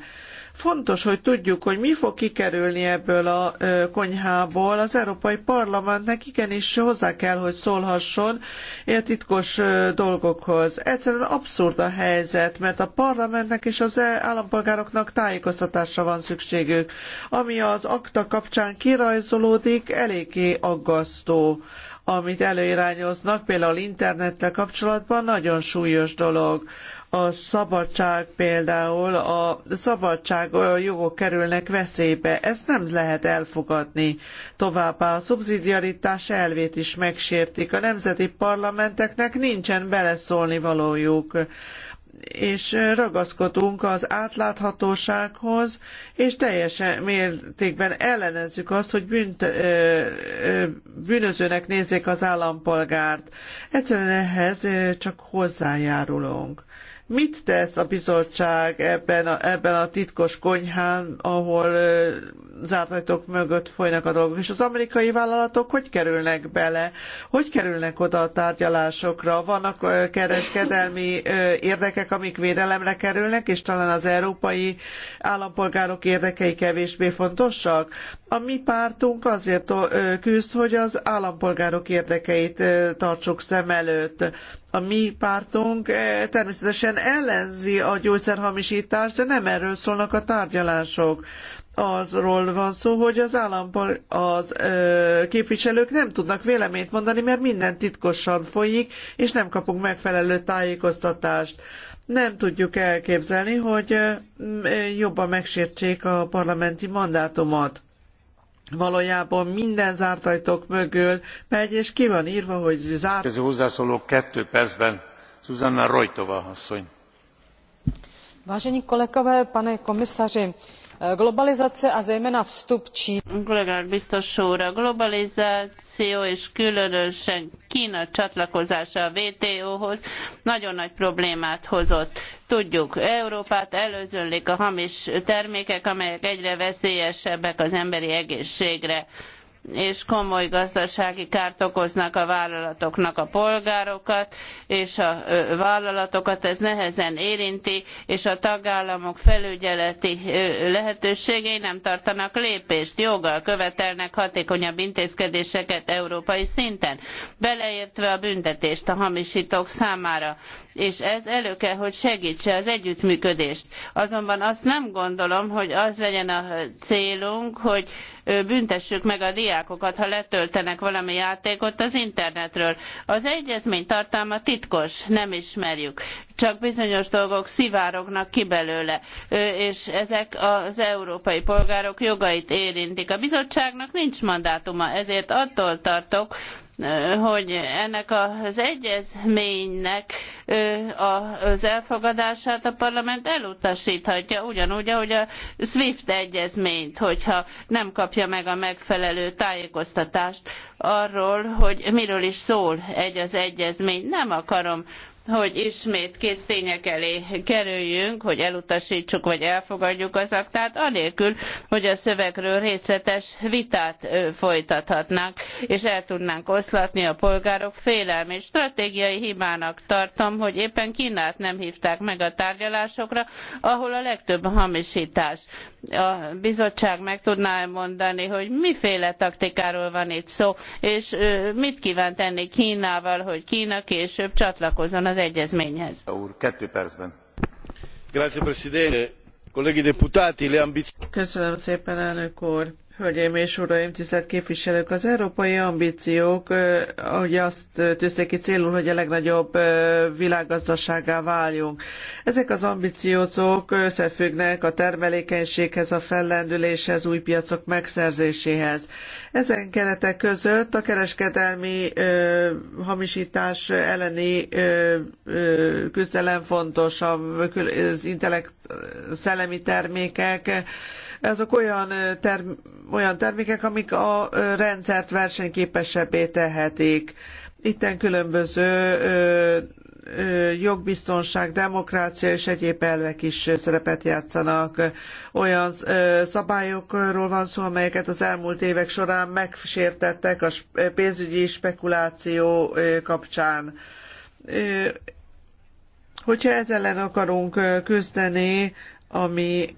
Fontos, hogy tudjuk, hogy mi fog kikerülni ebből a konyhából. Az Európai Parlamentnek igenis hozzá kell, hogy szólhasson a titkos dolgokhoz. Egyszerűen abszurd a helyzet, mert a parlamentnek és az e állampolgároknak tájékoztatásra van szükségük. Ami az akta kapcsán kirajzolódik, eléggé aggasztó amit előirányoznak, például internettel kapcsolatban, nagyon súlyos dolog a szabadság például, a szabadság a jogok kerülnek veszélybe. Ezt nem lehet elfogadni. Továbbá a szubszidiaritás elvét is megsértik. A nemzeti parlamenteknek nincsen beleszólni valójuk és ragaszkodunk az átláthatósághoz, és teljes mértékben ellenezzük azt, hogy bünt bűnözőnek nézzék az állampolgárt. Egyszerűen ehhez csak hozzájárulunk. Mit tesz a bizottság ebben a, ebben a titkos konyhán, ahol ö, zárt ajtók mögött folynak a dolgok? És az amerikai vállalatok hogy kerülnek bele? Hogy kerülnek oda a tárgyalásokra? Vannak ö, kereskedelmi ö, érdekek, amik védelemre kerülnek, és talán az európai állampolgárok érdekei kevésbé fontosak? A mi pártunk azért küzd, hogy az állampolgárok érdekeit tartsuk szem előtt a mi pártunk eh, természetesen ellenzi a gyógyszerhamisítást, de nem erről szólnak a tárgyalások. Azról van szó, hogy az állampol, az ö, képviselők nem tudnak véleményt mondani, mert minden titkosan folyik, és nem kapunk megfelelő tájékoztatást. Nem tudjuk elképzelni, hogy jobban megsértsék a parlamenti mandátumot valójában minden zárt ajtók mögül megy, és ki van írva, hogy zárt... Köző hozzászóló kettő percben, Susanna Rojtova asszony. Vážení kolegové, pane komisaři, Eh, globalizace a zejména vstup Číny. Biztos úr, a globalizáció és különösen Kína csatlakozása a WTO-hoz nagyon nagy problémát hozott. Tudjuk, Európát előzönlik a hamis termékek, amelyek egyre veszélyesebbek az emberi egészségre és komoly gazdasági kárt okoznak a vállalatoknak a polgárokat, és a vállalatokat ez nehezen érinti, és a tagállamok felügyeleti lehetőségei nem tartanak lépést, joggal követelnek hatékonyabb intézkedéseket európai szinten, beleértve a büntetést a hamisítók számára. És ez elő kell, hogy segítse az együttműködést. Azonban azt nem gondolom, hogy az legyen a célunk, hogy büntessük meg a diákokat, ha letöltenek valami játékot az internetről. Az egyezmény tartalma titkos, nem ismerjük. Csak bizonyos dolgok szivárognak ki belőle, és ezek az európai polgárok jogait érintik. A bizottságnak nincs mandátuma, ezért attól tartok, hogy ennek az egyezménynek az elfogadását a parlament elutasíthatja, ugyanúgy, ahogy a SWIFT egyezményt, hogyha nem kapja meg a megfelelő tájékoztatást arról, hogy miről is szól egy az egyezmény. Nem akarom hogy ismét kész tények elé kerüljünk, hogy elutasítsuk vagy elfogadjuk az aktát, anélkül, hogy a szövegről részletes vitát folytathatnánk, és el tudnánk oszlatni a polgárok félelmét. Stratégiai hibának tartom, hogy éppen Kínát nem hívták meg a tárgyalásokra, ahol a legtöbb hamisítás. A bizottság meg tudná mondani, hogy miféle taktikáról van itt szó, és mit kíván tenni Kínával, hogy Kína később csatlakozzon az egyezményhez. Úr, Köszönöm elnök úr Hölgyeim és uraim, tisztelt képviselők! Az európai ambíciók, ahogy azt tűzték ki célul, hogy a legnagyobb világgazdaságá váljunk. Ezek az ambíciók összefüggnek a termelékenységhez, a fellendüléshez, új piacok megszerzéséhez. Ezen keretek között a kereskedelmi ö, hamisítás elleni ö, ö, küzdelem fontos, a, az intellekt, szellemi termékek, ezek olyan, term, olyan termékek, amik a rendszert versenyképesebbé tehetik. Itten különböző jogbiztonság, demokrácia és egyéb elvek is szerepet játszanak. Olyan szabályokról van szó, amelyeket az elmúlt évek során megsértettek a pénzügyi spekuláció kapcsán. Hogyha ezzel ellen akarunk küzdeni, ami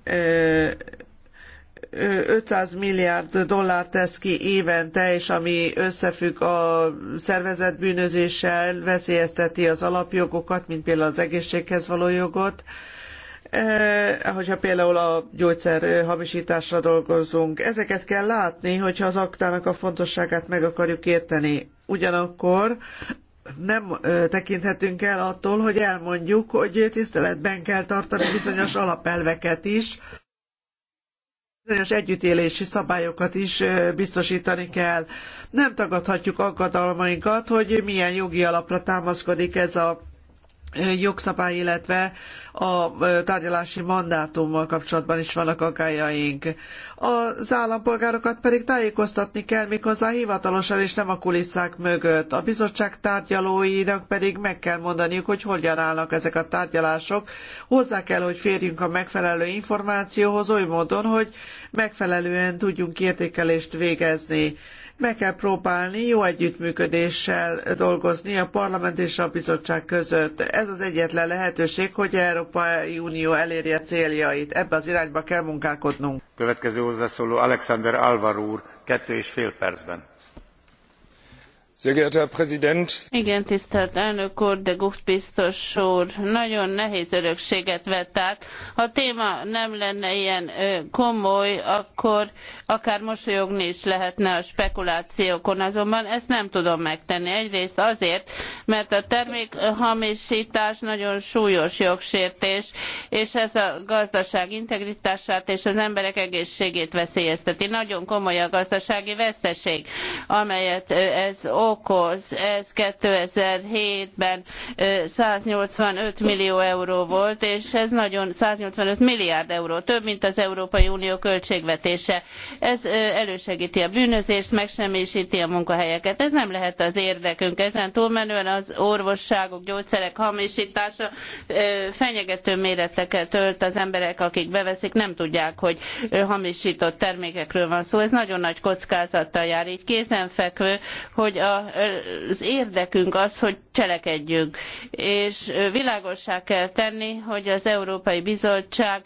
500 milliárd dollár tesz ki évente, és ami összefügg a szervezett bűnözéssel, veszélyezteti az alapjogokat, mint például az egészséghez való jogot, e, hogyha például a gyógyszer hamisításra dolgozunk. Ezeket kell látni, hogyha az aktának a fontosságát meg akarjuk érteni. Ugyanakkor nem e, tekinthetünk el attól, hogy elmondjuk, hogy tiszteletben kell tartani bizonyos alapelveket is, bizonyos együttélési szabályokat is biztosítani kell. Nem tagadhatjuk aggodalmainkat, hogy milyen jogi alapra támaszkodik ez a jogszabály, illetve a tárgyalási mandátummal kapcsolatban is vannak aggájaink. Az állampolgárokat pedig tájékoztatni kell méghozzá hivatalosan és nem a kulisszák mögött. A bizottság tárgyalóinak pedig meg kell mondaniuk, hogy hogyan állnak ezek a tárgyalások. Hozzá kell, hogy férjünk a megfelelő információhoz oly módon, hogy megfelelően tudjunk értékelést végezni meg kell próbálni jó együttműködéssel dolgozni a parlament és a bizottság között. Ez az egyetlen lehetőség, hogy Európai Unió elérje céljait. Ebbe az irányba kell munkálkodnunk. Következő hozzászóló Alexander Alvaro úr, kettő és fél percben igen, tisztelt elnök úr, de Gucht biztos úr, nagyon nehéz örökséget vett át. Ha a téma nem lenne ilyen komoly, akkor akár mosolyogni is lehetne a spekulációkon, azonban ezt nem tudom megtenni. Egyrészt azért, mert a termékhamisítás nagyon súlyos jogsértés, és ez a gazdaság integritását és az emberek egészségét veszélyezteti. Nagyon komoly a gazdasági veszteség, amelyet ez okoz. Ez 2007-ben 185 millió euró volt, és ez nagyon 185 milliárd euró, több, mint az Európai Unió költségvetése. Ez elősegíti a bűnözést, megsemmisíti a munkahelyeket. Ez nem lehet az érdekünk. Ezen túlmenően az orvosságok, gyógyszerek hamisítása fenyegető méreteket ölt az emberek, akik beveszik, nem tudják, hogy hamisított termékekről van szó. Ez nagyon nagy kockázattal jár. Így kézenfekvő, hogy a az érdekünk az, hogy cselekedjünk. És világossá kell tenni, hogy az Európai Bizottság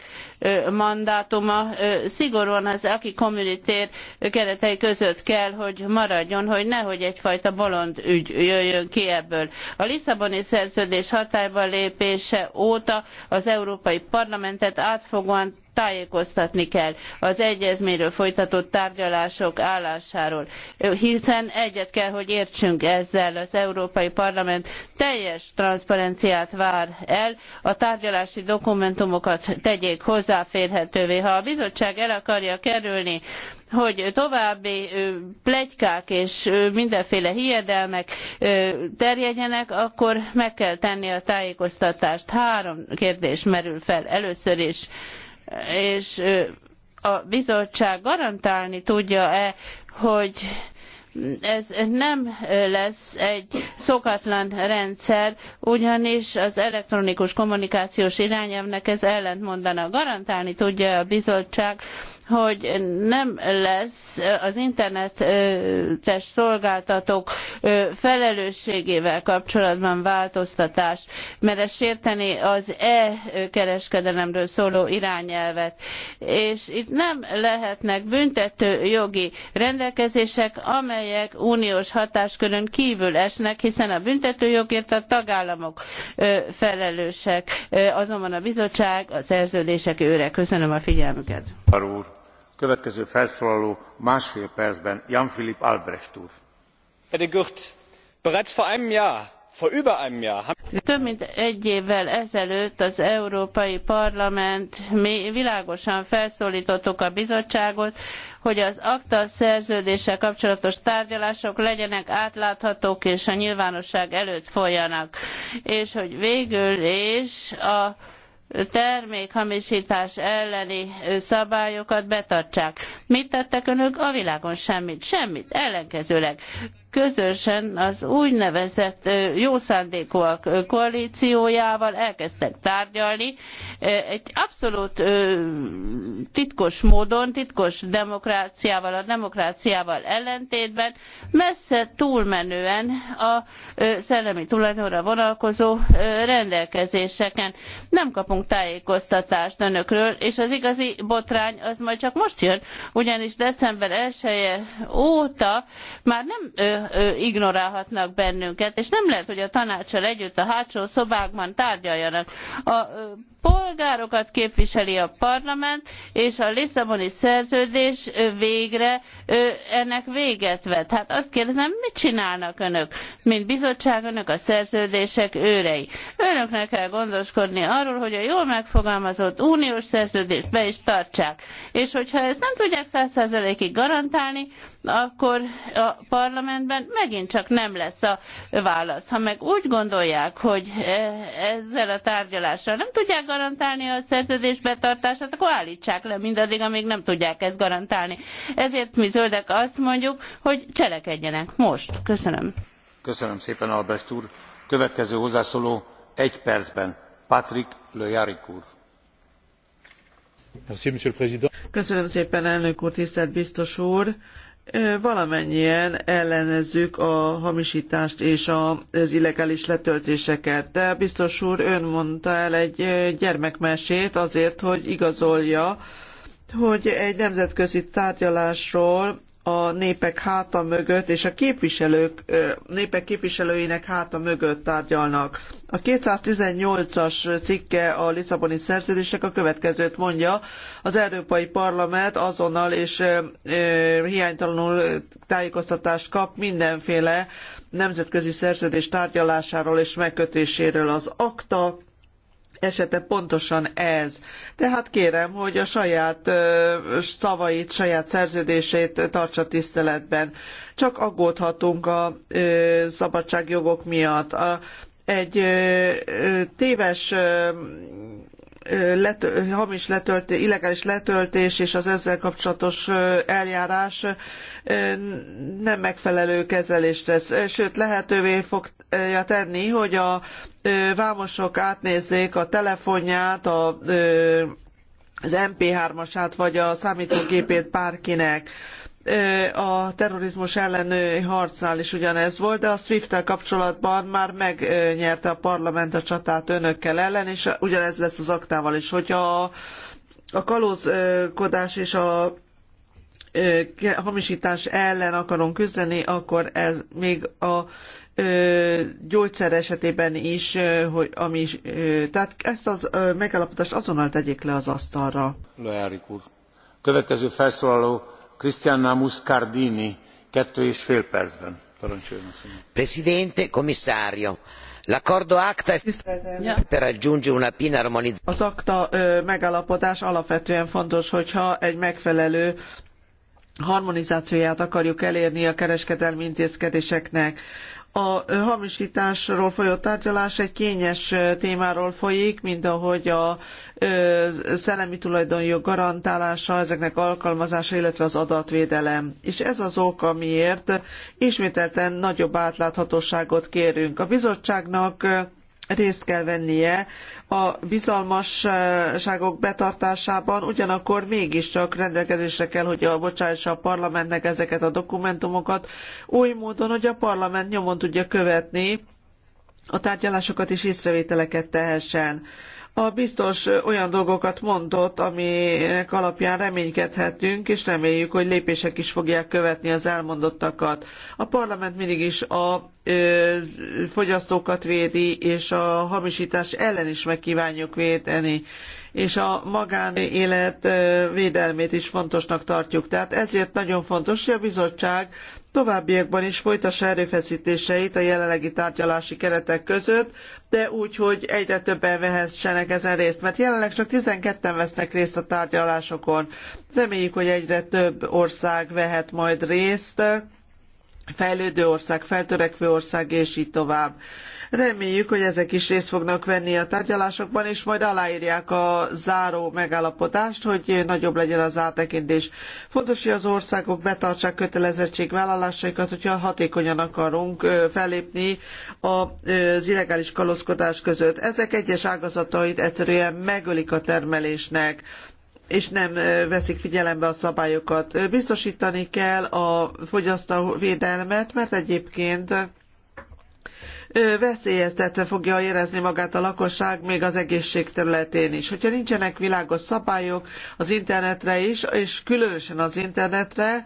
mandátuma szigorúan az aki kommunitér keretei között kell, hogy maradjon, hogy nehogy egyfajta bolond ügy jöjjön ki ebből. A Lisszaboni szerződés hatályba lépése óta az Európai Parlamentet átfogóan tájékoztatni kell az egyezményről folytatott tárgyalások állásáról, hiszen egyet kell, hogy értsünk ezzel. Az Európai Parlament teljes transzparenciát vár el, a tárgyalási dokumentumokat tegyék hozzáférhetővé. Ha a bizottság el akarja kerülni hogy további plegykák és mindenféle hiedelmek terjedjenek, akkor meg kell tenni a tájékoztatást. Három kérdés merül fel. Először is és a bizottság garantálni tudja-e, hogy ez nem lesz egy szokatlan rendszer, ugyanis az elektronikus kommunikációs irányelvnek ez ellentmondana. Garantálni tudja a bizottság, hogy nem lesz az internetes szolgáltatók felelősségével kapcsolatban változtatás, mert ez sérteni az e-kereskedelemről szóló irányelvet. És itt nem lehetnek büntető jogi rendelkezések, amelyek uniós hatáskörön kívül esnek, hiszen a büntető jogért a tagállamok felelősek, azonban a bizottság a szerződések őre. Köszönöm a figyelmüket. Következő felszólaló Jan Albrecht úr. több mint egy évvel ezelőtt az Európai Parlament mi világosan felszólítottuk a bizottságot, hogy az acta szerződéssel kapcsolatos tárgyalások legyenek átláthatók és a nyilvánosság előtt folyjanak, és hogy végül is a termékhamisítás elleni szabályokat betartsák. Mit tettek önök? A világon semmit, semmit, ellenkezőleg közösen az úgynevezett jó szándékúak koalíciójával elkezdtek tárgyalni. Egy abszolút titkos módon, titkos demokráciával, a demokráciával ellentétben messze túlmenően a szellemi tulajdonra vonalkozó rendelkezéseken. Nem kapunk tájékoztatást önökről, és az igazi botrány az majd csak most jön, ugyanis december 1 -e óta már nem ignorálhatnak bennünket, és nem lehet, hogy a tanácssal együtt a hátsó szobákban tárgyaljanak. A polgárokat képviseli a parlament, és a Lisszaboni szerződés végre ennek véget vet. Hát azt kérdezem, mit csinálnak önök, mint bizottság, önök a szerződések őrei? Önöknek kell gondoskodni arról, hogy a jól megfogalmazott uniós szerződést be is tartsák. És hogyha ezt nem tudják százszerzelékig garantálni, akkor a parlament parlamentben megint csak nem lesz a válasz. Ha meg úgy gondolják, hogy e, ezzel a tárgyalással nem tudják garantálni a szerződés betartását, akkor állítsák le mindaddig, amíg nem tudják ezt garantálni. Ezért mi zöldek azt mondjuk, hogy cselekedjenek most. Köszönöm. Köszönöm szépen, Albrecht úr. Következő hozzászóló egy percben, Patrick Le Jarik úr. Köszönöm szépen, elnök úr, tisztelt biztos úr! valamennyien ellenezzük a hamisítást és az illegális letöltéseket, de biztos úr ön mondta el egy gyermekmesét azért, hogy igazolja, hogy egy nemzetközi tárgyalásról a népek háta mögött és a képviselők, népek képviselőinek háta mögött tárgyalnak. A 218-as cikke a Lisszaboni szerződésnek a következőt mondja, az Európai Parlament azonnal és hiánytalanul tájékoztatást kap mindenféle nemzetközi szerződés tárgyalásáról és megkötéséről. Az akta esete pontosan ez. Tehát kérem, hogy a saját szavait, saját szerződését tartsa tiszteletben. Csak aggódhatunk a szabadságjogok miatt. egy téves hamis letölt, illegális letöltés és az ezzel kapcsolatos eljárás nem megfelelő kezelést tesz. Sőt, lehetővé fogja tenni, hogy a vámosok átnézzék a telefonját, a az MP3-asát vagy a számítógépét bárkinek a terrorizmus elleni harcnál is ugyanez volt, de a SWIFT-tel kapcsolatban már megnyerte a parlament a csatát önökkel ellen, és ugyanez lesz az aktával is, hogyha a kalózkodás és a hamisítás ellen akarunk küzdeni, akkor ez még a gyógyszer esetében is, hogy ami, tehát ezt az megállapodást azonnal tegyék le az asztalra. Leárik úr. Következő felszólaló Presidente, commissario, l'accordo acta per raggiungere una piena armonizzazione. Az acta megállapodás alapvetően fontos, hogyha egy megfelelő harmonizációját akarjuk elérni a kereskedelmi intézkedéseknek. A hamisításról folyó tárgyalás egy kényes témáról folyik, mint ahogy a szellemi tulajdonjog garantálása, ezeknek alkalmazása, illetve az adatvédelem. És ez az ok, amiért ismételten nagyobb átláthatóságot kérünk. A bizottságnak részt kell vennie a bizalmasságok betartásában, ugyanakkor mégiscsak rendelkezésre kell, hogy a bocsássa a parlamentnek ezeket a dokumentumokat oly módon, hogy a parlament nyomon tudja követni a tárgyalásokat és észrevételeket tehessen. A biztos olyan dolgokat mondott, aminek alapján reménykedhetünk, és reméljük, hogy lépések is fogják követni az elmondottakat. A parlament mindig is a ö, fogyasztókat védi, és a hamisítás ellen is megkívánjuk védeni és a magánélet védelmét is fontosnak tartjuk. Tehát ezért nagyon fontos, hogy a bizottság továbbiakban is folytassa erőfeszítéseit a jelenlegi tárgyalási keretek között, de úgy, hogy egyre többen vehessenek ezen részt, mert jelenleg csak 12-en vesznek részt a tárgyalásokon. Reméljük, hogy egyre több ország vehet majd részt fejlődő ország, feltörekvő ország, és így tovább. Reméljük, hogy ezek is részt fognak venni a tárgyalásokban, és majd aláírják a záró megállapodást, hogy nagyobb legyen az áttekintés. Fontos, hogy az országok betartsák kötelezettségvállalásaikat, hogyha hatékonyan akarunk fellépni az illegális kalózkodás között. Ezek egyes ágazatait egyszerűen megölik a termelésnek és nem veszik figyelembe a szabályokat. Biztosítani kell a fogyasztóvédelmet, mert egyébként veszélyeztetve fogja érezni magát a lakosság még az egészség területén is. Hogyha nincsenek világos szabályok az internetre is, és különösen az internetre,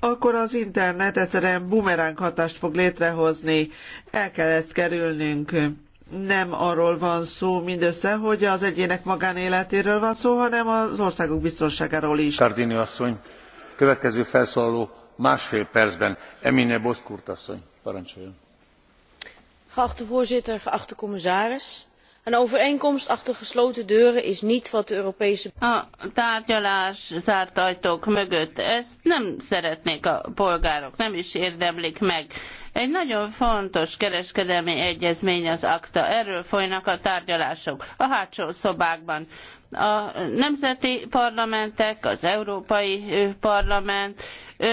akkor az internet egyszerűen bumeráng hatást fog létrehozni. El kell ezt kerülnünk nem arról van szó mindössze, hogy az egyének magánéletéről van szó, hanem az országok biztonságáról is. Kardini asszony, következő felszólaló másfél percben, Emine Boszkurt asszony, parancsoljon. Geachte voorzitter, geachte commissaris een overeenkomst achter gesloten deuren is niet wat de Europese... A tárgyalás zárt ajtók mögött ezt nem szeretnék a polgárok, nem is érdemlik meg. Egy nagyon fontos kereskedelmi egyezmény az akta. Erről folynak a tárgyalások a hátsó szobákban a nemzeti parlamentek, az Európai Parlament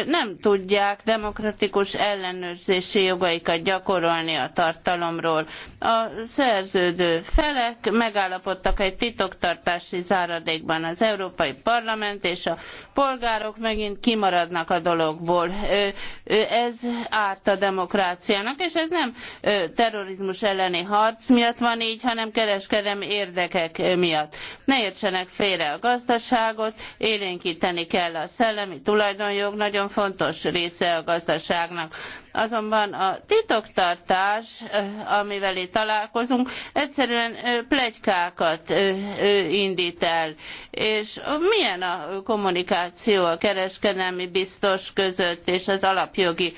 nem tudják demokratikus ellenőrzési jogaikat gyakorolni a tartalomról. A szerződő felek megállapodtak egy titoktartási záradékban az Európai Parlament és a polgárok megint kimaradnak a dologból. Ez árt a demokráciának, és ez nem terrorizmus elleni harc miatt van így, hanem kereskedelmi érdekek miatt. Ne értsenek félre a gazdaságot, élénkíteni kell a szellemi tulajdonjog, nagyon fontos része a gazdaságnak. Azonban a titoktartás, eh, amivel itt találkozunk, egyszerűen eh, plegykákat eh, indít el. És milyen a kommunikáció a kereskedelmi biztos között és az alapjogi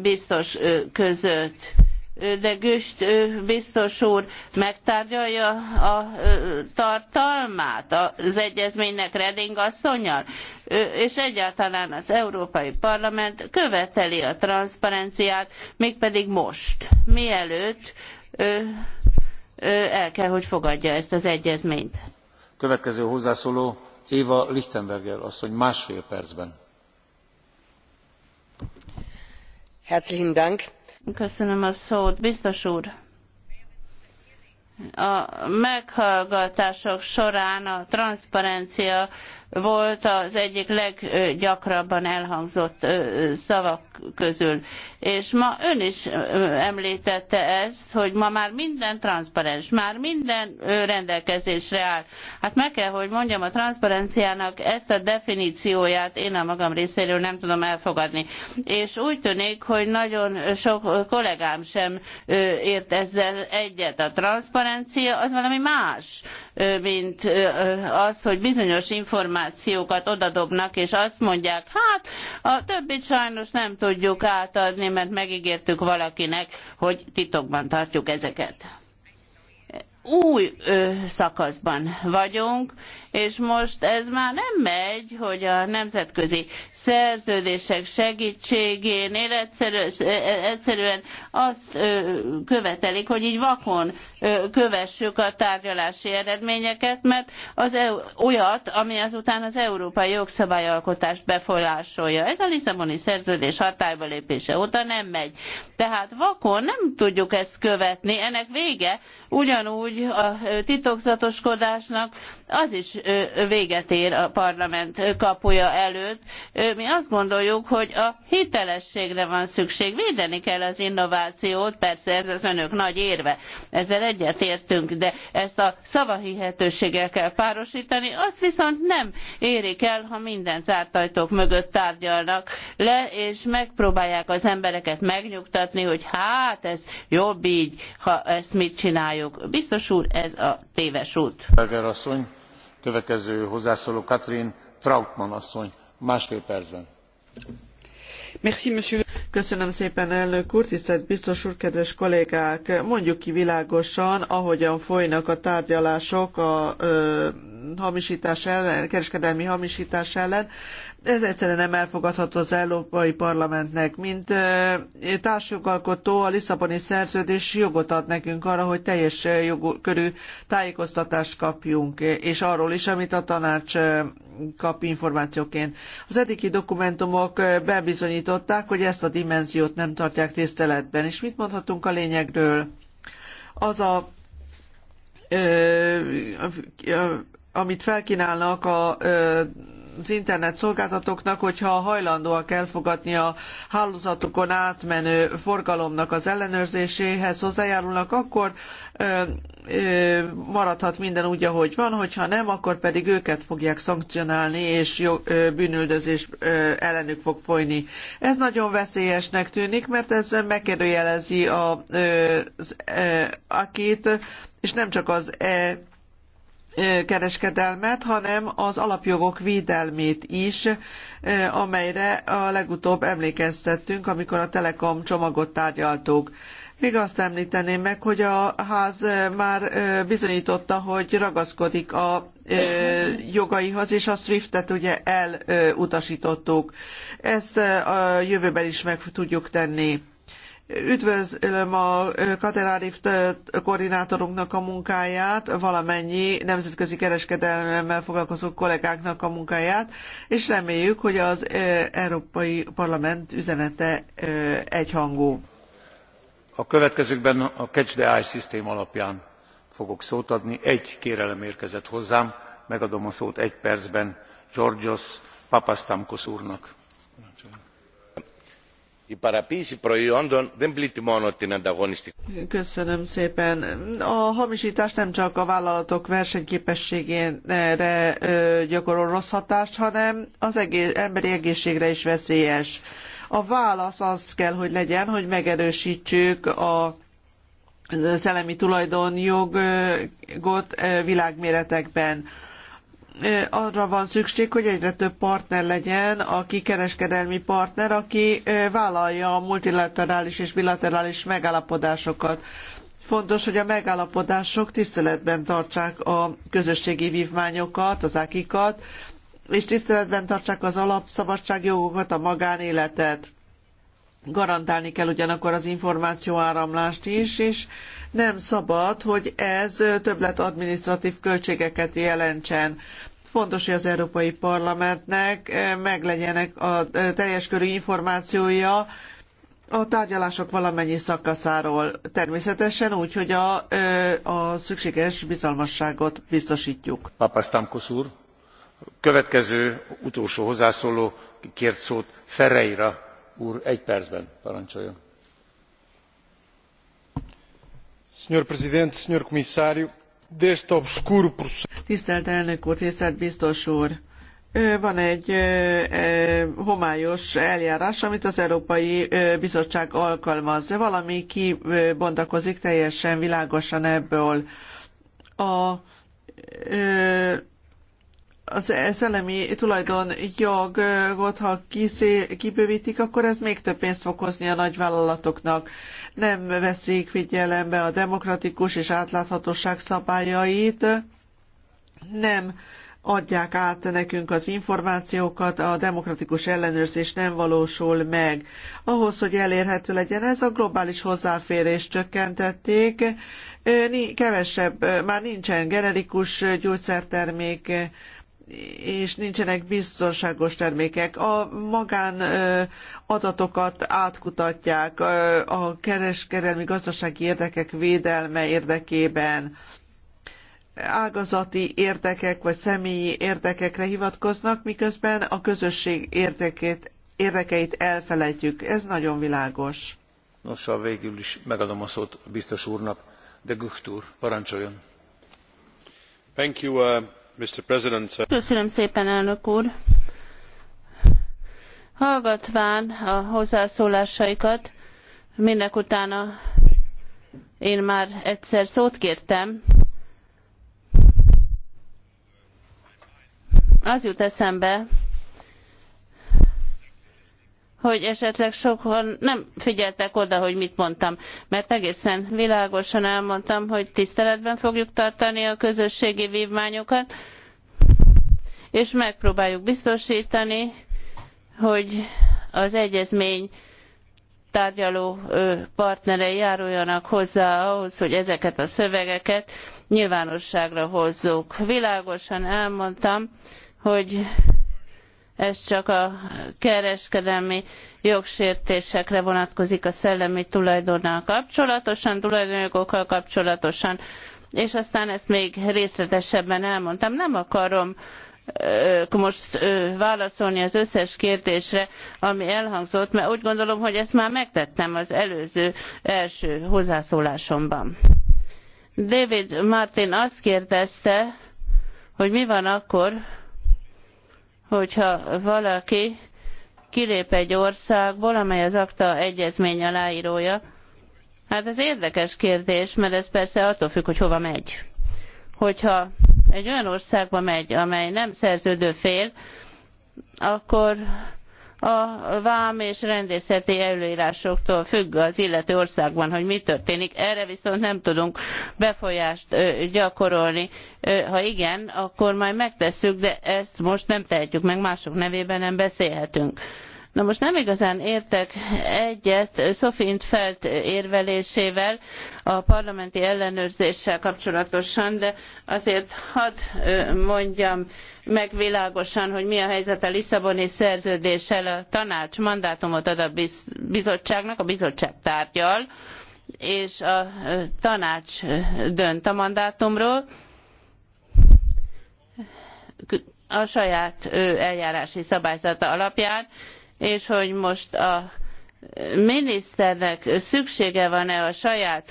biztos között? de Güst biztos úr megtárgyalja a tartalmát az egyezménynek Reding asszonyal, és egyáltalán az Európai Parlament követeli a transzparenciát, mégpedig most, mielőtt el kell, hogy fogadja ezt az egyezményt. Következő hozzászóló Éva Lichtenberger asszony másfél percben. Herzlichen Dank Köszönöm a szót. Biztos úr, a meghallgatások során a transzparencia volt az egyik leggyakrabban elhangzott szavak közül. És ma ön is említette ezt, hogy ma már minden transzparens, már minden rendelkezésre áll. Hát meg kell, hogy mondjam, a transzparenciának ezt a definícióját én a magam részéről nem tudom elfogadni. És úgy tűnik, hogy nagyon sok kollégám sem ért ezzel egyet. A transzparencia az valami más, mint az, hogy bizonyos információk információkat odadobnak, és azt mondják, hát a többit sajnos nem tudjuk átadni, mert megígértük valakinek, hogy titokban tartjuk ezeket új ö, szakaszban vagyunk, és most ez már nem megy, hogy a nemzetközi szerződések segítségénél egyszerű, egyszerűen azt ö, követelik, hogy így vakon ö, kövessük a tárgyalási eredményeket, mert az EU, olyat, ami azután az európai jogszabályalkotást befolyásolja. Ez a Lisszaboni szerződés hatályba lépése óta nem megy. Tehát vakon nem tudjuk ezt követni, ennek vége ugyanúgy, ugyanúgy a titokzatoskodásnak az is véget ér a parlament kapuja előtt. Mi azt gondoljuk, hogy a hitelességre van szükség. Védeni kell az innovációt, persze ez az önök nagy érve, ezzel egyetértünk, de ezt a szavahihetőséggel kell párosítani, azt viszont nem érik el, ha minden zárt ajtók mögött tárgyalnak le, és megpróbálják az embereket megnyugtatni, hogy hát ez jobb így, ha ezt mit csináljuk. Biztos biztos úr, ez a téves út. Berger asszony, következő hozzászóló Katrin Trautmann asszony, másfél percben. Merci, monsieur. Köszönöm szépen, elnök úr, tisztelt biztos úr, kedves kollégák! Mondjuk ki világosan, ahogyan folynak a tárgyalások a ö, hamisítás ellen, kereskedelmi hamisítás ellen. Ez egyszerűen nem elfogadható az Európai Parlamentnek. Mint társjogalkotó a Lisszaboni szerződés jogot ad nekünk arra, hogy teljes jogú, körű tájékoztatást kapjunk, és arról is, amit a tanács kap információként. Az eddigi dokumentumok bebizonyították, hogy ezt a dimenziót nem tartják tiszteletben. És mit mondhatunk a lényegről? Az a amit felkínálnak a az internet szolgáltatóknak, hogyha hajlandóak elfogadni a hálózatukon átmenő forgalomnak az ellenőrzéséhez hozzájárulnak, akkor ö, ö, maradhat minden úgy, ahogy van, hogyha nem, akkor pedig őket fogják szankcionálni, és jog, ö, bűnüldözés ellenük fog folyni. Ez nagyon veszélyesnek tűnik, mert ez megkérdőjelezi a, az akit, és nem csak az e kereskedelmet, hanem az alapjogok védelmét is, amelyre a legutóbb emlékeztettünk, amikor a Telekom csomagot tárgyaltuk. Még azt említeném meg, hogy a ház már bizonyította, hogy ragaszkodik a jogaihoz, és a SWIFT-et ugye elutasítottuk. Ezt a jövőben is meg tudjuk tenni. Üdvözlöm a Katerárif koordinátorunknak a munkáját, valamennyi nemzetközi kereskedelemmel foglalkozó kollégáknak a munkáját, és reméljük, hogy az e, Európai Parlament üzenete e, egyhangú. A következőkben a Catch the Eye szisztém alapján fogok szót adni. Egy kérelem érkezett hozzám, megadom a szót egy percben Georgios Papastamkos úrnak η προϊόντων δεν πλήττει μόνο την ανταγωνιστικότητα. Köszönöm szépen. A hamisítás nem csak a vállalatok versenyképességére gyakorol rossz hatást, hanem az egész, emberi egészségre is veszélyes. A válasz az kell, hogy legyen, hogy megerősítsük a szellemi tulajdonjogot világméretekben arra van szükség, hogy egyre több partner legyen, aki kereskedelmi partner, aki vállalja a multilaterális és bilaterális megállapodásokat. Fontos, hogy a megállapodások tiszteletben tartsák a közösségi vívmányokat, az ákikat, és tiszteletben tartsák az alapszabadságjogokat, a magánéletet garantálni kell ugyanakkor az információáramlást is, és nem szabad, hogy ez többlet adminisztratív költségeket jelentsen. Fontos, hogy az Európai Parlamentnek eh, meglegyenek a eh, teljes körű információja a tárgyalások valamennyi szakaszáról. Természetesen úgy, hogy a, eh, a szükséges bizalmasságot biztosítjuk. Papasztámkosz úr, következő utolsó hozzászóló kért szót Ferreira obscuro Tisztelt elnök úr, tisztelt biztos úr! Van egy homályos eljárás, amit az Európai Bizottság alkalmaz. Valami kibontakozik teljesen világosan ebből. A az szellemi tulajdonjogot, ha kiszé, kibővítik, akkor ez még több pénzt fog hozni a nagyvállalatoknak. Nem veszik figyelembe a demokratikus és átláthatóság szabályait, nem adják át nekünk az információkat, a demokratikus ellenőrzés nem valósul meg. Ahhoz, hogy elérhető legyen ez, a globális hozzáférést csökkentették, kevesebb, már nincsen generikus gyógyszertermék, és nincsenek biztonságos termékek. A magán adatokat átkutatják a kereskedelmi gazdasági érdekek védelme érdekében ágazati érdekek vagy személyi érdekekre hivatkoznak, miközben a közösség érdekét, érdekeit elfelejtjük. Ez nagyon világos. Nos, a végül is megadom a szót biztos úrnak, de Gücht parancsoljon. Thank you, uh... Uh, Köszönöm szépen, elnök úr. Hallgatván a hozzászólásaikat, mindek én már egyszer szót kértem. Az jut eszembe, hogy esetleg sokan nem figyeltek oda, hogy mit mondtam, mert egészen világosan elmondtam, hogy tiszteletben fogjuk tartani a közösségi vívmányokat, és megpróbáljuk biztosítani, hogy az egyezmény tárgyaló partnerei járuljanak hozzá ahhoz, hogy ezeket a szövegeket nyilvánosságra hozzuk. Világosan elmondtam, hogy ez csak a kereskedelmi jogsértésekre vonatkozik a szellemi tulajdonnal kapcsolatosan, tulajdonjogokkal kapcsolatosan, és aztán ezt még részletesebben elmondtam. Nem akarom most válaszolni az összes kérdésre, ami elhangzott, mert úgy gondolom, hogy ezt már megtettem az előző első hozzászólásomban. David Martin azt kérdezte, hogy mi van akkor, hogyha valaki kilép egy országból, amely az akta egyezmény aláírója, hát ez érdekes kérdés, mert ez persze attól függ, hogy hova megy. Hogyha egy olyan országba megy, amely nem szerződő fél, akkor a vám és rendészeti előírásoktól függ az illető országban, hogy mi történik. Erre viszont nem tudunk befolyást gyakorolni. Ha igen, akkor majd megtesszük, de ezt most nem tehetjük meg, mások nevében nem beszélhetünk. Na most nem igazán értek egyet Sofint Felt érvelésével a parlamenti ellenőrzéssel kapcsolatosan, de azért hadd mondjam meg világosan, hogy mi a helyzet a Lisszaboni szerződéssel. A tanács mandátumot ad a bizottságnak, a bizottság tárgyal, és a tanács dönt a mandátumról a saját eljárási szabályzata alapján, és hogy most a miniszternek szüksége van-e a saját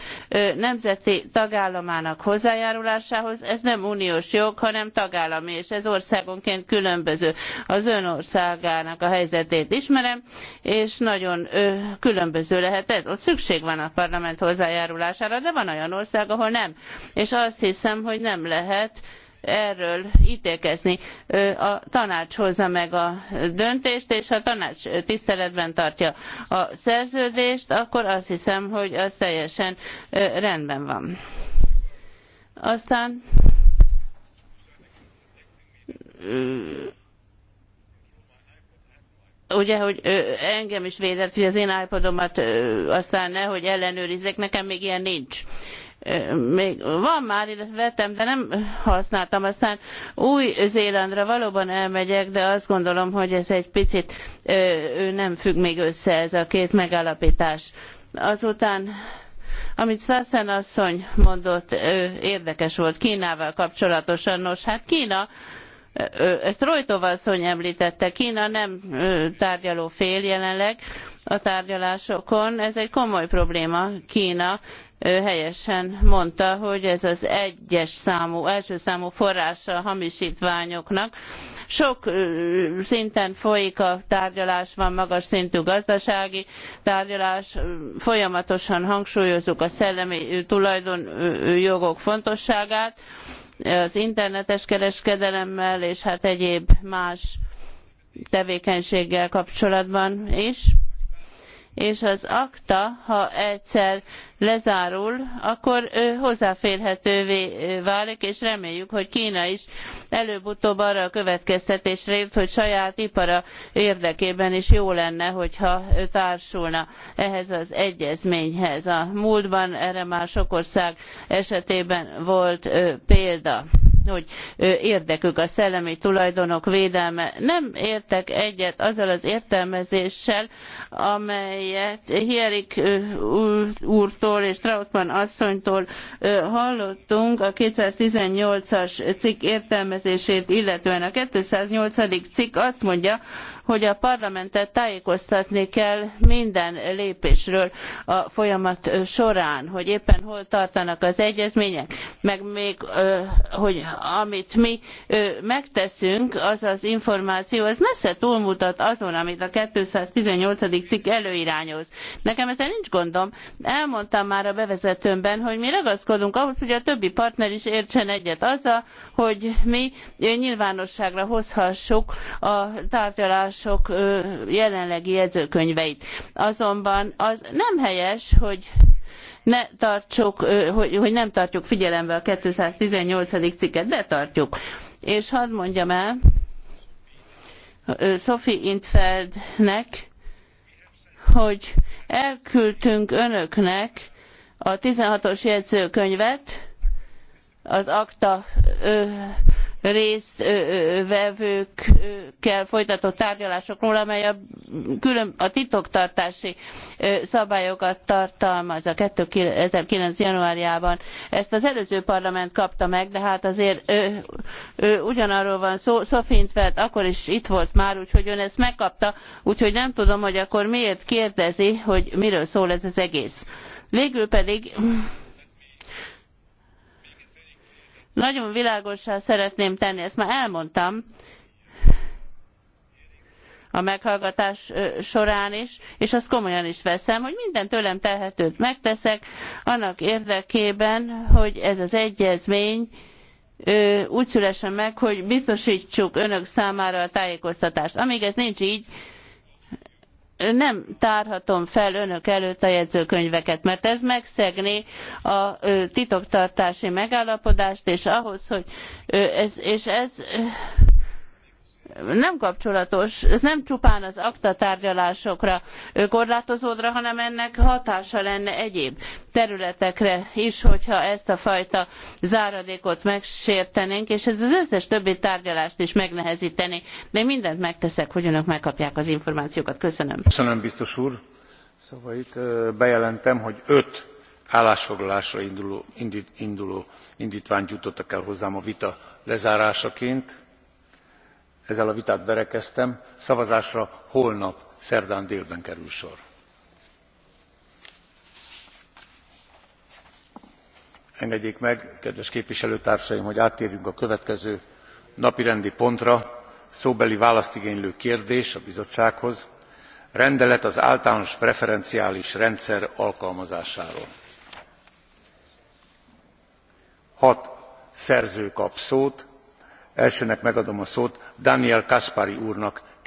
nemzeti tagállamának hozzájárulásához, ez nem uniós jog, hanem tagállami, és ez országonként különböző. Az ön országának a helyzetét ismerem, és nagyon különböző lehet ez. Ott szükség van a parlament hozzájárulására, de van olyan ország, ahol nem. És azt hiszem, hogy nem lehet erről télkezni A tanács hozza meg a döntést, és ha a tanács tiszteletben tartja a szerződést, akkor azt hiszem, hogy az teljesen rendben van. Aztán ugye, hogy engem is védett, hogy az én iPodomat aztán nehogy ellenőrizzek, nekem még ilyen nincs még van már, illetve vettem, de nem használtam. Aztán Új-Zélandra valóban elmegyek, de azt gondolom, hogy ez egy picit ő nem függ még össze ez a két megállapítás. Azután amit Sassen asszony mondott, érdekes volt Kínával kapcsolatosan. Nos, hát Kína ezt Rojtov asszony említette, Kína nem tárgyaló fél jelenleg a tárgyalásokon, ez egy komoly probléma Kína, helyesen mondta, hogy ez az egyes számú, első számú forrása a hamisítványoknak. Sok szinten folyik a tárgyalás, van magas szintű gazdasági tárgyalás, folyamatosan hangsúlyozzuk a szellemi tulajdonjogok fontosságát, az internetes kereskedelemmel és hát egyéb más tevékenységgel kapcsolatban is és az akta, ha egyszer lezárul, akkor hozzáférhetővé válik, és reméljük, hogy Kína is előbb-utóbb arra a következtetésre jut, hogy saját ipara érdekében is jó lenne, hogyha társulna ehhez az egyezményhez. A múltban erre már sok ország esetében volt példa hogy érdekük a szellemi tulajdonok védelme. Nem értek egyet azzal az értelmezéssel, amelyet Hierik úrtól és Trautmann asszonytól hallottunk a 218-as cikk értelmezését, illetően a 208. cikk azt mondja, hogy a parlamentet tájékoztatni kell minden lépésről a folyamat során, hogy éppen hol tartanak az egyezmények, meg még, hogy amit mi megteszünk, az az információ, az messze túlmutat azon, amit a 218. cikk előirányoz. Nekem ezzel nincs gondom. Elmondtam már a bevezetőmben, hogy mi ragaszkodunk ahhoz, hogy a többi partner is értsen egyet azzal, hogy mi nyilvánosságra hozhassuk a tárgyalás mások jelenlegi jegyzőkönyveit. Azonban az nem helyes, hogy ne tartsuk, hogy, hogy nem tartjuk figyelembe a 218. cikket, betartjuk. És hadd mondjam el, Sophie Intfeldnek, hogy elküldtünk önöknek a 16-os jegyzőkönyvet, az akta résztvevőkkel folytatott tárgyalásokról, amely a, titoktartási szabályokat tartalmaz a 2009. januárjában. Ezt az előző parlament kapta meg, de hát azért ugyanarról van szó. veld akkor is itt volt már, úgyhogy ön ezt megkapta, úgyhogy nem tudom, hogy akkor miért kérdezi, hogy miről szól ez az egész. Végül pedig nagyon világosá szeretném tenni, ezt már elmondtam, a meghallgatás során is, és azt komolyan is veszem, hogy minden tőlem telhetőt megteszek, annak érdekében, hogy ez az egyezmény úgy szülessen meg, hogy biztosítsuk önök számára a tájékoztatást. Amíg ez nincs így, nem tárhatom fel önök előtt a jegyzőkönyveket, mert ez megszegné a titoktartási megállapodást, és ahhoz, hogy ez, és ez nem kapcsolatos, ez nem csupán az akta tárgyalásokra korlátozódra, hanem ennek hatása lenne egyéb területekre is, hogyha ezt a fajta záradékot megsértenénk, és ez az összes többi tárgyalást is megnehezíteni. De én mindent megteszek, hogy önök megkapják az információkat. Köszönöm. Köszönöm, biztos úr. Szóval itt bejelentem, hogy öt állásfoglalásra induló, indít, induló indítványt jutottak el hozzám a vita lezárásaként ezzel a vitát berekeztem szavazásra holnap szerdán délben kerül sor. engedjék meg kedves képviselőtársaim hogy áttérjünk a következő napirendi pontra szóbeli választ igénylő kérdés a bizottsághoz rendelet az általános preferenciális rendszer alkalmazásáról. hat szerző kap szót elsőnek megadom a szót daniel caspary úrnak.